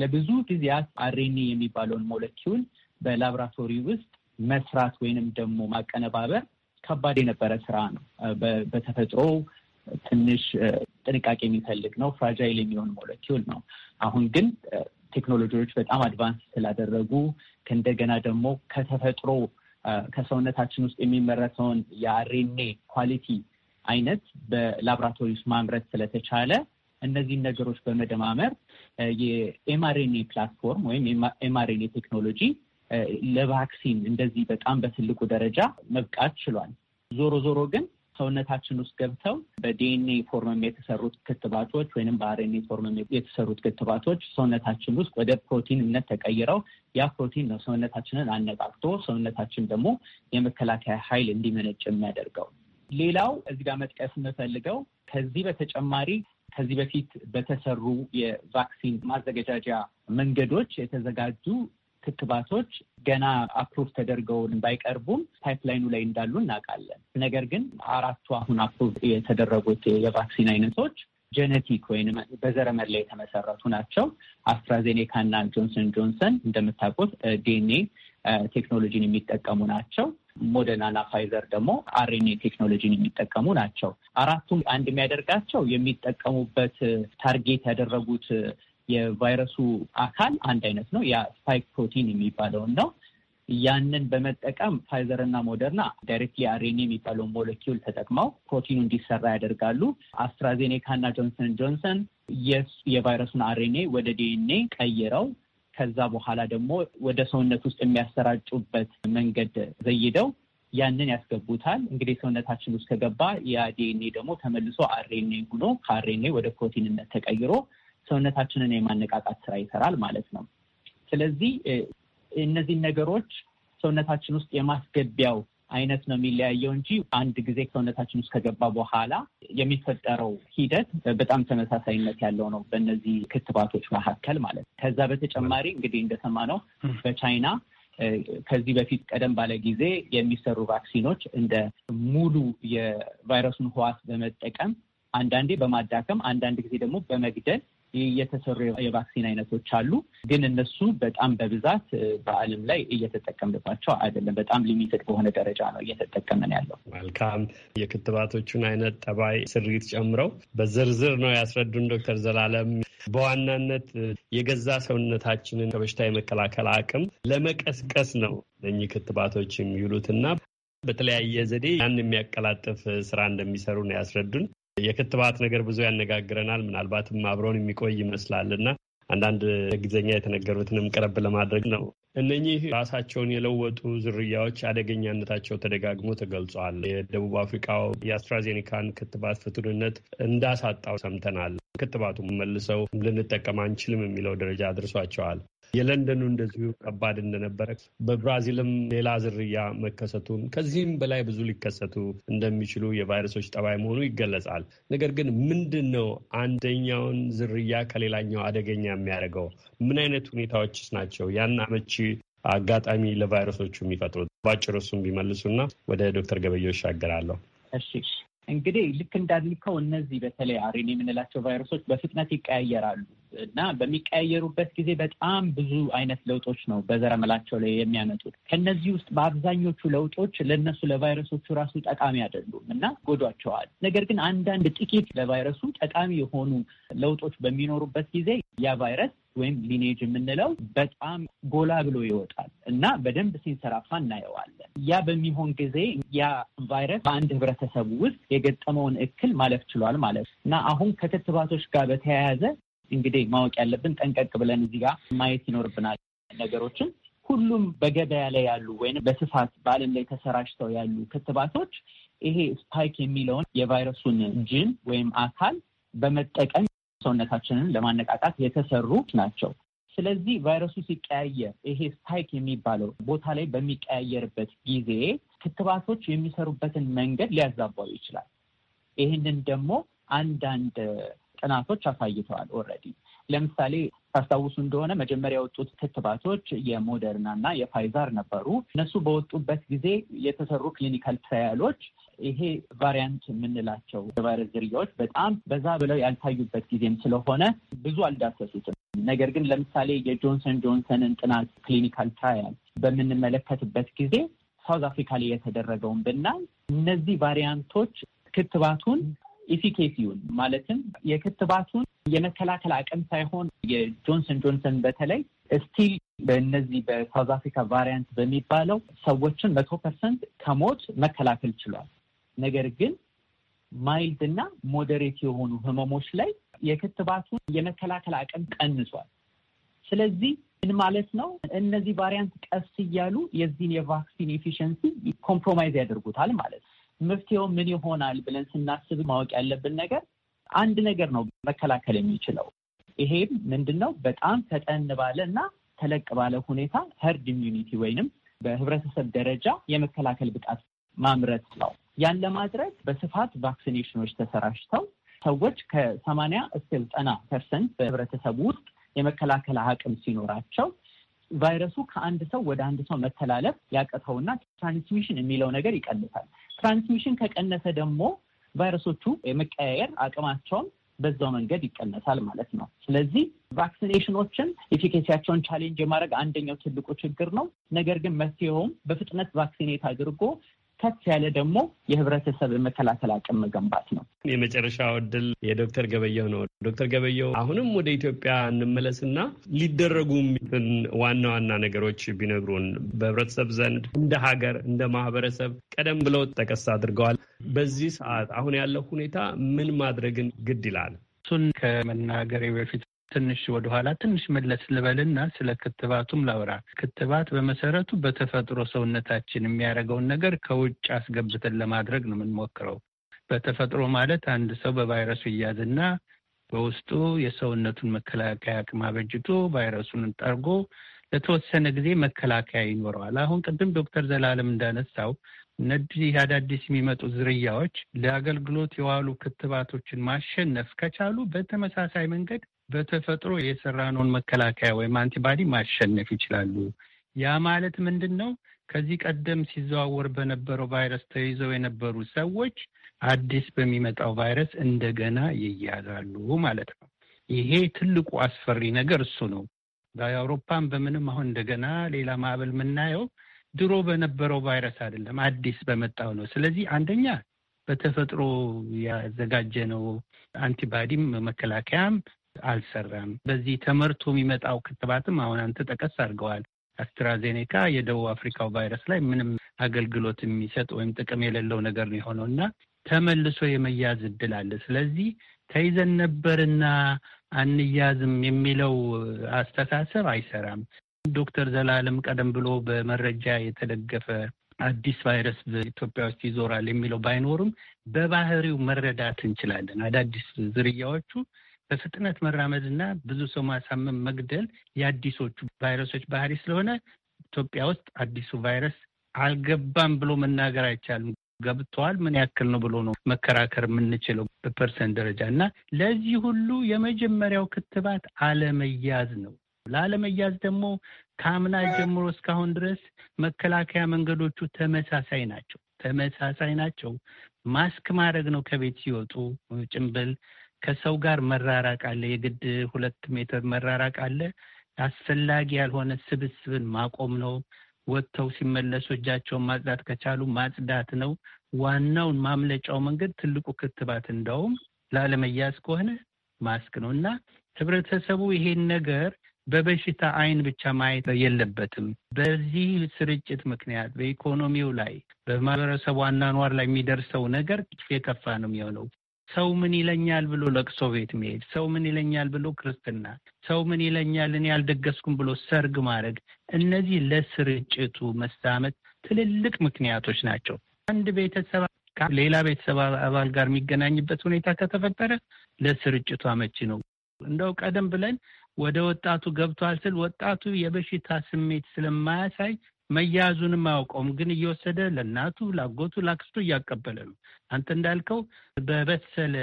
ለብዙ ጊዜያት አሬኒ የሚባለውን ሞለኪውል በላብራቶሪ ውስጥ መስራት ወይንም ደግሞ ማቀነባበር ከባድ የነበረ ስራ ነው። በተፈጥሮ ትንሽ ጥንቃቄ የሚፈልግ ነው። ፍራጃይል የሚሆን ሞለኪውል ነው። አሁን ግን ቴክኖሎጂዎች በጣም አድቫንስ ስላደረጉ ከእንደገና ደግሞ ከተፈጥሮ ከሰውነታችን ውስጥ የሚመረተውን የአሬኔ ኳሊቲ አይነት በላብራቶሪ ውስጥ ማምረት ስለተቻለ እነዚህን ነገሮች በመደማመር የኤምአርኤንኤ ፕላትፎርም ወይም ኤምአርኤንኤ ቴክኖሎጂ ለቫክሲን እንደዚህ በጣም በትልቁ ደረጃ መብቃት ችሏል። ዞሮ ዞሮ ግን ሰውነታችን ውስጥ ገብተው በዲኤንኤ ፎርምም የተሰሩት ክትባቶች ወይም በአርኤንኤ ፎርምም የተሰሩት ክትባቶች ሰውነታችን ውስጥ ወደ ፕሮቲንነት ተቀይረው ያ ፕሮቲን ነው ሰውነታችንን አነቃቅቶ ሰውነታችን ደግሞ የመከላከያ ኃይል እንዲመነጭ የሚያደርገው። ሌላው እዚህ ጋር መጥቀስ የምፈልገው ከዚህ በተጨማሪ ከዚህ በፊት በተሰሩ የቫክሲን ማዘገጃጃ መንገዶች የተዘጋጁ ክትባቶች ገና አፕሩቭ ተደርገውን ባይቀርቡም ፓይፕላይኑ ላይ እንዳሉ እናውቃለን። ነገር ግን አራቱ አሁን አፕሩቭ የተደረጉት የቫክሲን አይነቶች ጄኔቲክ ወይም በዘረመድ ላይ የተመሰረቱ ናቸው። አስትራዜኔካ እና ጆንሰን ጆንሰን እንደምታውቁት ዲኤንኤ ቴክኖሎጂን የሚጠቀሙ ናቸው። ሞደርና እና ፋይዘር ደግሞ አርኤንኤ ቴክኖሎጂን የሚጠቀሙ ናቸው። አራቱም አንድ የሚያደርጋቸው የሚጠቀሙበት ታርጌት ያደረጉት የቫይረሱ አካል አንድ አይነት ነው። ያ ስፓይክ ፕሮቲን የሚባለውን ነው። ያንን በመጠቀም ፋይዘር እና ሞደርና ዳይሬክትሊ አሬኒ የሚባለውን ሞለኪውል ተጠቅመው ፕሮቲኑ እንዲሰራ ያደርጋሉ። አስትራዜኔካ እና ጆንሰን ጆንሰን የቫይረሱን አሬኔ ወደ ዲኤንኤ ቀይረው ከዛ በኋላ ደግሞ ወደ ሰውነት ውስጥ የሚያሰራጩበት መንገድ ዘይደው ያንን ያስገቡታል። እንግዲህ ሰውነታችን ውስጥ ከገባ ያ ዲኤንኤ ደግሞ ተመልሶ አሬኔ ሆኖ ከአሬኔ ወደ ፕሮቲንነት ተቀይሮ ሰውነታችንን የማነቃቃት ስራ ይሰራል ማለት ነው። ስለዚህ እነዚህን ነገሮች ሰውነታችን ውስጥ የማስገቢያው አይነት ነው የሚለያየው እንጂ አንድ ጊዜ ሰውነታችን ውስጥ ከገባ በኋላ የሚፈጠረው ሂደት በጣም ተመሳሳይነት ያለው ነው በእነዚህ ክትባቶች መካከል ማለት ነው። ከዛ በተጨማሪ እንግዲህ እንደሰማነው በቻይና ከዚህ በፊት ቀደም ባለ ጊዜ የሚሰሩ ቫክሲኖች እንደ ሙሉ የቫይረሱን ህዋስ በመጠቀም አንዳንዴ በማዳከም አንዳንድ ጊዜ ደግሞ በመግደል እየተሰሩ የቫክሲን አይነቶች አሉ። ግን እነሱ በጣም በብዛት በዓለም ላይ እየተጠቀምንባቸው አይደለም። በጣም ሊሚትድ በሆነ ደረጃ ነው እየተጠቀምን ያለው። መልካም የክትባቶቹን አይነት ጠባይ፣ ስሪት ጨምረው በዝርዝር ነው ያስረዱን ዶክተር ዘላለም። በዋናነት የገዛ ሰውነታችንን ከበሽታ የመከላከል አቅም ለመቀስቀስ ነው እኚህ ክትባቶች የሚውሉትና በተለያየ ዘዴ ያን የሚያቀላጥፍ ስራ እንደሚሰሩ ነው ያስረዱን። የክትባት ነገር ብዙ ያነጋግረናል። ምናልባትም አብረውን የሚቆይ ይመስላል እና አንዳንድ ጊዜኛ የተነገሩትንም ቀረብ ለማድረግ ነው። እነኚህ ራሳቸውን የለወጡ ዝርያዎች አደገኛነታቸው ተደጋግሞ ተገልጿል። የደቡብ አፍሪካው የአስትራዜኒካን ክትባት ፍቱንነት እንዳሳጣው ሰምተናል። ክትባቱ መልሰው ልንጠቀም አንችልም የሚለው ደረጃ አድርሷቸዋል። የለንደኑ እንደዚሁ ከባድ እንደነበረ በብራዚልም ሌላ ዝርያ መከሰቱን ከዚህም በላይ ብዙ ሊከሰቱ እንደሚችሉ የቫይረሶች ጠባይ መሆኑ ይገለጻል። ነገር ግን ምንድን ነው አንደኛውን ዝርያ ከሌላኛው አደገኛ የሚያደርገው? ምን አይነት ሁኔታዎችስ ናቸው ያን አመቺ አጋጣሚ ለቫይረሶቹ የሚፈጥሩት? ባጭሩ እሱን ቢመልሱና ወደ ዶክተር ገበየሁ ይሻገራለሁ። እሺ እንግዲህ ልክ እንዳልከው እነዚህ በተለይ አሬን የምንላቸው ቫይረሶች በፍጥነት ይቀያየራሉ። እና በሚቀያየሩበት ጊዜ በጣም ብዙ አይነት ለውጦች ነው በዘረመላቸው ላይ የሚያመጡት። ከነዚህ ውስጥ በአብዛኞቹ ለውጦች ለነሱ ለቫይረሶቹ ራሱ ጠቃሚ አይደሉም እና ጎዷቸዋል። ነገር ግን አንዳንድ ጥቂት ለቫይረሱ ጠቃሚ የሆኑ ለውጦች በሚኖሩበት ጊዜ ያ ቫይረስ ወይም ሊኔጅ የምንለው በጣም ጎላ ብሎ ይወጣል እና በደንብ ሲንሰራፋ እናየዋለን። ያ በሚሆን ጊዜ ያ ቫይረስ በአንድ ህብረተሰቡ ውስጥ የገጠመውን እክል ማለፍ ችሏል ማለት ነው እና አሁን ከክትባቶች ጋር በተያያዘ እንግዲህ ማወቅ ያለብን ጠንቀቅ ብለን እዚህ ጋር ማየት ይኖርብናል ነገሮችን። ሁሉም በገበያ ላይ ያሉ ወይም በስፋት በዓለም ላይ ተሰራጭተው ያሉ ክትባቶች ይሄ ስፓይክ የሚለውን የቫይረሱን ጅን ወይም አካል በመጠቀም ሰውነታችንን ለማነቃቃት የተሰሩ ናቸው። ስለዚህ ቫይረሱ ሲቀያየር ይሄ ስፓይክ የሚባለው ቦታ ላይ በሚቀያየርበት ጊዜ ክትባቶች የሚሰሩበትን መንገድ ሊያዛባው ይችላል። ይህንን ደግሞ አንዳንድ ጥናቶች አሳይተዋል። ኦልሬዲ ለምሳሌ ታስታውሱ እንደሆነ መጀመሪያ የወጡት ክትባቶች የሞደርና እና የፋይዛር ነበሩ። እነሱ በወጡበት ጊዜ የተሰሩ ክሊኒካል ትራያሎች ይሄ ቫሪያንት የምንላቸው የቫይረስ ዝርያዎች በጣም በዛ ብለው ያልታዩበት ጊዜም ስለሆነ ብዙ አልዳሰሱትም። ነገር ግን ለምሳሌ የጆንሰን ጆንሰንን ጥናት ክሊኒካል ትራያል በምንመለከትበት ጊዜ ሳውዝ አፍሪካ ላይ የተደረገውን ብናይ እነዚህ ቫሪያንቶች ክትባቱን ኢፊኬሲውን ማለትም የክትባቱን የመከላከል አቅም ሳይሆን የጆንሰን ጆንሰን በተለይ ስቲል በእነዚህ በሳውዝ አፍሪካ ቫሪያንት በሚባለው ሰዎችን መቶ ፐርሰንት ከሞት መከላከል ችሏል። ነገር ግን ማይልድ እና ሞዴሬት የሆኑ ህመሞች ላይ የክትባቱን የመከላከል አቅም ቀንሷል። ስለዚህ ምን ማለት ነው? እነዚህ ቫሪያንት ቀስ እያሉ የዚህን የቫክሲን ኤፊሽንሲ ኮምፕሮማይዝ ያደርጉታል ማለት ነው። መፍትሄው ምን ይሆናል ብለን ስናስብ ማወቅ ያለብን ነገር አንድ ነገር ነው መከላከል የሚችለው ይሄም ምንድን ነው? በጣም ፈጠን ባለ እና ተለቅ ባለ ሁኔታ ሄርድ ኢሚዩኒቲ ወይንም በህብረተሰብ ደረጃ የመከላከል ብቃት ማምረት ነው። ያን ለማድረግ በስፋት ቫክሲኔሽኖች ተሰራጭተው ሰዎች ከሰማኒያ እስከ ዘጠና ፐርሰንት በህብረተሰቡ ውስጥ የመከላከል አቅም ሲኖራቸው ቫይረሱ ከአንድ ሰው ወደ አንድ ሰው መተላለፍ ያቀተውና ትራንስሚሽን የሚለው ነገር ይቀንሳል። ትራንስሚሽን ከቀነሰ ደግሞ ቫይረሶቹ የመቀያየር አቅማቸውን በዛው መንገድ ይቀነሳል ማለት ነው። ስለዚህ ቫክሲኔሽኖችን ኤፊኬሲያቸውን ቻሌንጅ የማድረግ አንደኛው ትልቁ ችግር ነው። ነገር ግን መፍትሄውም በፍጥነት ቫክሲኔት አድርጎ ከፍ ያለ ደግሞ የህብረተሰብ መከላከል አቅም መገንባት ነው። የመጨረሻው እድል የዶክተር ገበየው ነው። ዶክተር ገበየሁ አሁንም ወደ ኢትዮጵያ እንመለስና ሊደረጉ የሚትን ዋና ዋና ነገሮች ቢነግሩን በህብረተሰብ ዘንድ እንደ ሀገር እንደ ማህበረሰብ ቀደም ብለው ጠቀስ አድርገዋል። በዚህ ሰዓት አሁን ያለው ሁኔታ ምን ማድረግን ግድ ይላል? እሱን ከመናገሬ በፊት ትንሽ ወደኋላ ትንሽ መለስ ልበልና ስለ ክትባቱም ላውራ። ክትባት በመሰረቱ በተፈጥሮ ሰውነታችን የሚያደርገውን ነገር ከውጭ አስገብተን ለማድረግ ነው የምንሞክረው። በተፈጥሮ ማለት አንድ ሰው በቫይረሱ ይያዝና በውስጡ የሰውነቱን መከላከያ አቅም አበጅቶ ቫይረሱን ጠርጎ ለተወሰነ ጊዜ መከላከያ ይኖረዋል። አሁን ቅድም ዶክተር ዘላለም እንዳነሳው እነዚህ አዳዲስ የሚመጡ ዝርያዎች ለአገልግሎት የዋሉ ክትባቶችን ማሸነፍ ከቻሉ በተመሳሳይ መንገድ በተፈጥሮ የሰራነውን መከላከያ ወይም አንቲባዲ ማሸነፍ ይችላሉ። ያ ማለት ምንድን ነው? ከዚህ ቀደም ሲዘዋወር በነበረው ቫይረስ ተይዘው የነበሩ ሰዎች አዲስ በሚመጣው ቫይረስ እንደገና ይያዛሉ ማለት ነው። ይሄ ትልቁ አስፈሪ ነገር እሱ ነው። በአውሮፓም በምንም አሁን እንደገና ሌላ ማዕበል የምናየው ድሮ በነበረው ቫይረስ አይደለም፣ አዲስ በመጣው ነው። ስለዚህ አንደኛ በተፈጥሮ ያዘጋጀ ነው አንቲባዲም መከላከያም አልሰራም። በዚህ ተመርቶ የሚመጣው ክትባትም አሁን አንተ ጠቀስ አድርገዋል። አስትራዜኔካ የደቡብ አፍሪካው ቫይረስ ላይ ምንም አገልግሎት የሚሰጥ ወይም ጥቅም የሌለው ነገር ነው የሆነው እና ተመልሶ የመያዝ እድል አለ። ስለዚህ ተይዘን ነበርና አንያዝም የሚለው አስተሳሰብ አይሰራም። ዶክተር ዘላለም ቀደም ብሎ በመረጃ የተደገፈ አዲስ ቫይረስ በኢትዮጵያ ውስጥ ይዞራል የሚለው ባይኖርም በባህሪው መረዳት እንችላለን። አዳዲስ ዝርያዎቹ በፍጥነት መራመድ እና ብዙ ሰው ማሳመም መግደል የአዲሶቹ ቫይረሶች ባህሪ ስለሆነ ኢትዮጵያ ውስጥ አዲሱ ቫይረስ አልገባም ብሎ መናገር አይቻልም። ገብተዋል ምን ያክል ነው ብሎ ነው መከራከር የምንችለው በፐርሰንት ደረጃ እና ለዚህ ሁሉ የመጀመሪያው ክትባት አለመያዝ ነው። ላለመያዝ ደግሞ ከአምና ጀምሮ እስካሁን ድረስ መከላከያ መንገዶቹ ተመሳሳይ ናቸው ተመሳሳይ ናቸው። ማስክ ማድረግ ነው ከቤት ሲወጡ ጭንብል ከሰው ጋር መራራቅ አለ፣ የግድ ሁለት ሜትር መራራቅ አለ። አስፈላጊ ያልሆነ ስብስብን ማቆም ነው። ወጥተው ሲመለሱ እጃቸውን ማጽዳት ከቻሉ ማጽዳት ነው። ዋናውን ማምለጫው መንገድ ትልቁ ክትባት እንደውም ላለመያዝ ከሆነ ማስክ ነው እና ህብረተሰቡ ይሄን ነገር በበሽታ አይን ብቻ ማየት የለበትም። በዚህ ስርጭት ምክንያት በኢኮኖሚው ላይ በማህበረሰቡ አኗኗር ላይ የሚደርሰው ነገር የከፋ ነው የሚሆነው። ሰው ምን ይለኛል ብሎ ለቅሶ ቤት መሄድ፣ ሰው ምን ይለኛል ብሎ ክርስትና፣ ሰው ምን ይለኛል እኔ ያልደገስኩም ብሎ ሰርግ ማድረግ፣ እነዚህ ለስርጭቱ መሳመት ትልልቅ ምክንያቶች ናቸው። አንድ ቤተሰብ ሌላ ቤተሰብ አባል ጋር የሚገናኝበት ሁኔታ ከተፈጠረ ለስርጭቱ አመቺ ነው። እንደው ቀደም ብለን ወደ ወጣቱ ገብቷል ስል ወጣቱ የበሽታ ስሜት ስለማያሳይ መያዙንም አያውቀውም፣ ግን እየወሰደ ለእናቱ ላጎቱ፣ ላክስቱ እያቀበለ ነው። አንተ እንዳልከው በበሰለ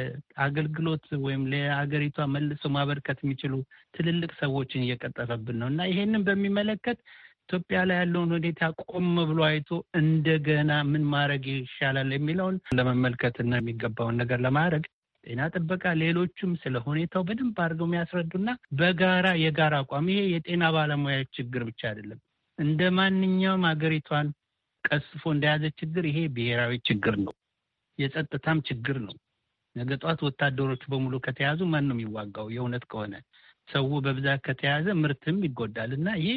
አገልግሎት ወይም ለሀገሪቷ መልሶ ማበርከት የሚችሉ ትልልቅ ሰዎችን እየቀጠፈብን ነው እና ይሄንን በሚመለከት ኢትዮጵያ ላይ ያለውን ሁኔታ ቆም ብሎ አይቶ እንደገና ምን ማድረግ ይሻላል የሚለውን ለመመልከትና የሚገባውን ነገር ለማድረግ ጤና ጥበቃ፣ ሌሎቹም ስለ ሁኔታው በደንብ አድርገው የሚያስረዱና በጋራ የጋራ አቋም ይሄ የጤና ባለሙያዎች ችግር ብቻ አይደለም። እንደ ማንኛውም አገሪቷን ቀስፎ እንደያዘ ችግር ይሄ ብሔራዊ ችግር ነው፣ የጸጥታም ችግር ነው። ነገ ወታደሮቹ በሙሉ ከተያዙ ማን ነው የሚዋጋው? የእውነት ከሆነ ሰው በብዛት ከተያዘ ምርትም ይጎዳል እና ይሄ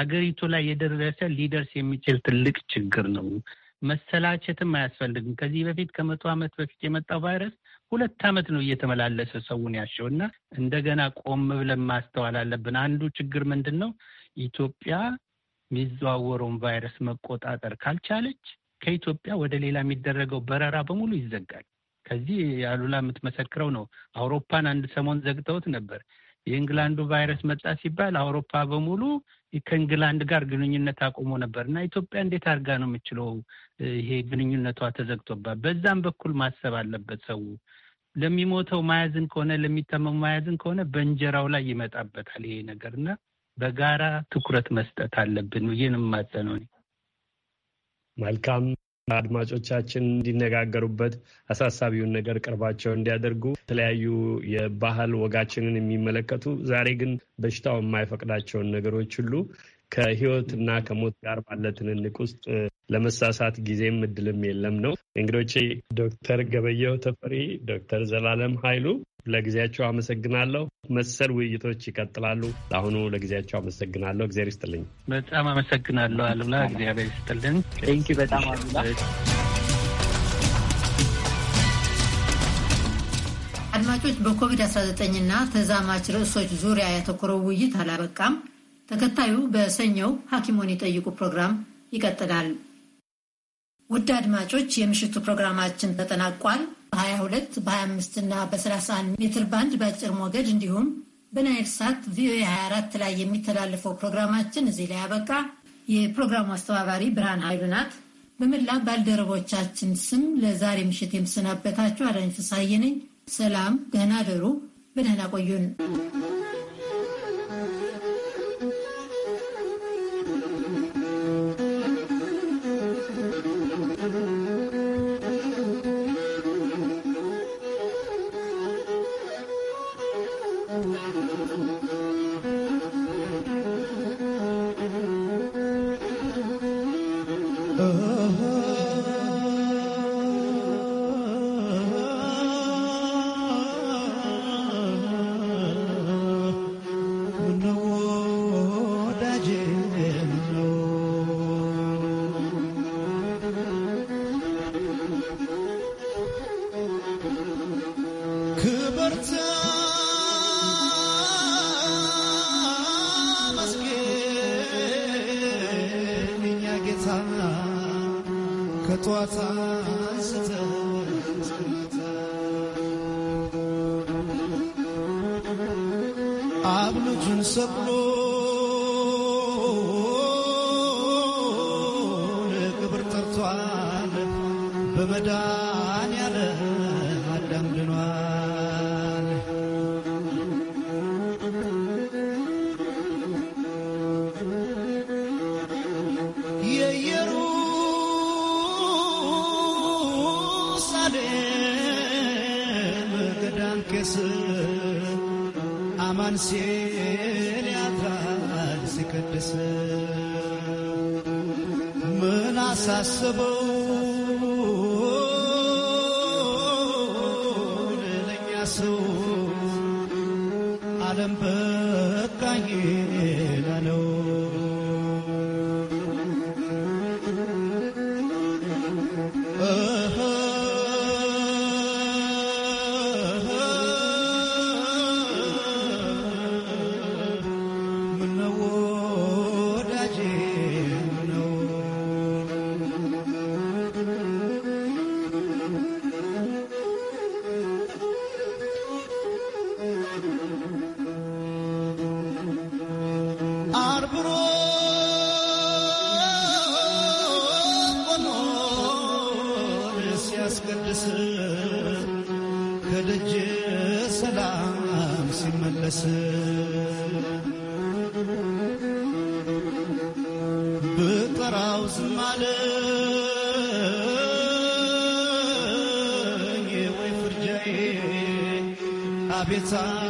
አገሪቱ ላይ የደረሰ ሊደርስ የሚችል ትልቅ ችግር ነው። መሰላቸትም አያስፈልግም። ከዚህ በፊት ከመቶ ዓመት በፊት የመጣው ቫይረስ ሁለት ዓመት ነው እየተመላለሰ ሰውን ያሸው እና እንደገና ቆም ብለን ማስተዋል አለብን። አንዱ ችግር ምንድን ነው? ኢትዮጵያ የሚዘዋወረውን ቫይረስ መቆጣጠር ካልቻለች ከኢትዮጵያ ወደ ሌላ የሚደረገው በረራ በሙሉ ይዘጋል። ከዚህ አሉላ የምትመሰክረው ነው። አውሮፓን አንድ ሰሞን ዘግተውት ነበር። የእንግላንዱ ቫይረስ መጣ ሲባል አውሮፓ በሙሉ ከእንግላንድ ጋር ግንኙነት አቁሞ ነበር እና ኢትዮጵያ እንዴት አድርጋ ነው የምችለው? ይሄ ግንኙነቷ ተዘግቶባት፣ በዛም በኩል ማሰብ አለበት ሰው ለሚሞተው ማያዝን ከሆነ ለሚታመሙ ማያዝን ከሆነ በእንጀራው ላይ ይመጣበታል ይሄ ነገር እና በጋራ ትኩረት መስጠት አለብን ብዬ ነው መልካም አድማጮቻችን እንዲነጋገሩበት አሳሳቢውን ነገር ቅርባቸው እንዲያደርጉ የተለያዩ የባህል ወጋችንን የሚመለከቱ ዛሬ ግን በሽታው የማይፈቅዳቸውን ነገሮች ሁሉ ከህይወትና ከሞት ጋር ባለ ትንንቅ ውስጥ ለመሳሳት ጊዜም እድልም የለም ነው። እንግዶቼ ዶክተር ገበየው ተፈሪ፣ ዶክተር ዘላለም ኃይሉ ለጊዜያቸው አመሰግናለሁ። መሰል ውይይቶች ይቀጥላሉ። ለአሁኑ ለጊዜያቸው አመሰግናለሁ። እግዚአብሔር ይስጥልኝ። በጣም አመሰግናለሁ አሉላ። እግዚአብሔር ይስጥልኝ። ቴንኪ በጣም አሉላ። አድማጮች በኮቪድ-19 እና ተዛማች ርዕሶች ዙሪያ ያተኮረው ውይይት አላበቃም። ተከታዩ በሰኞው ሐኪሞን የጠይቁ ፕሮግራም ይቀጥላል። ውድ አድማጮች የምሽቱ ፕሮግራማችን ተጠናቋል። በ22 በ25 እና በ31 ሜትር ባንድ በአጭር ሞገድ እንዲሁም በናይል ሳት ቪኦኤ 24 ላይ የሚተላለፈው ፕሮግራማችን እዚህ ላይ ያበቃ። የፕሮግራሙ አስተባባሪ ብርሃን ኃይሉ ናት። በመላ ባልደረቦቻችን ስም ለዛሬ ምሽት የምሰናበታችሁ አዳኝ ፍሳዬ ነኝ። ሰላም፣ ደህና ደሩ፣ በደህና ቆዩን። Oh. አርብሮ ሲያስቀድስ ከደጅ ሰላም ሲመለስ ብጠራው ዝም አለኝ ወይ ፍርጃዬ አቤታ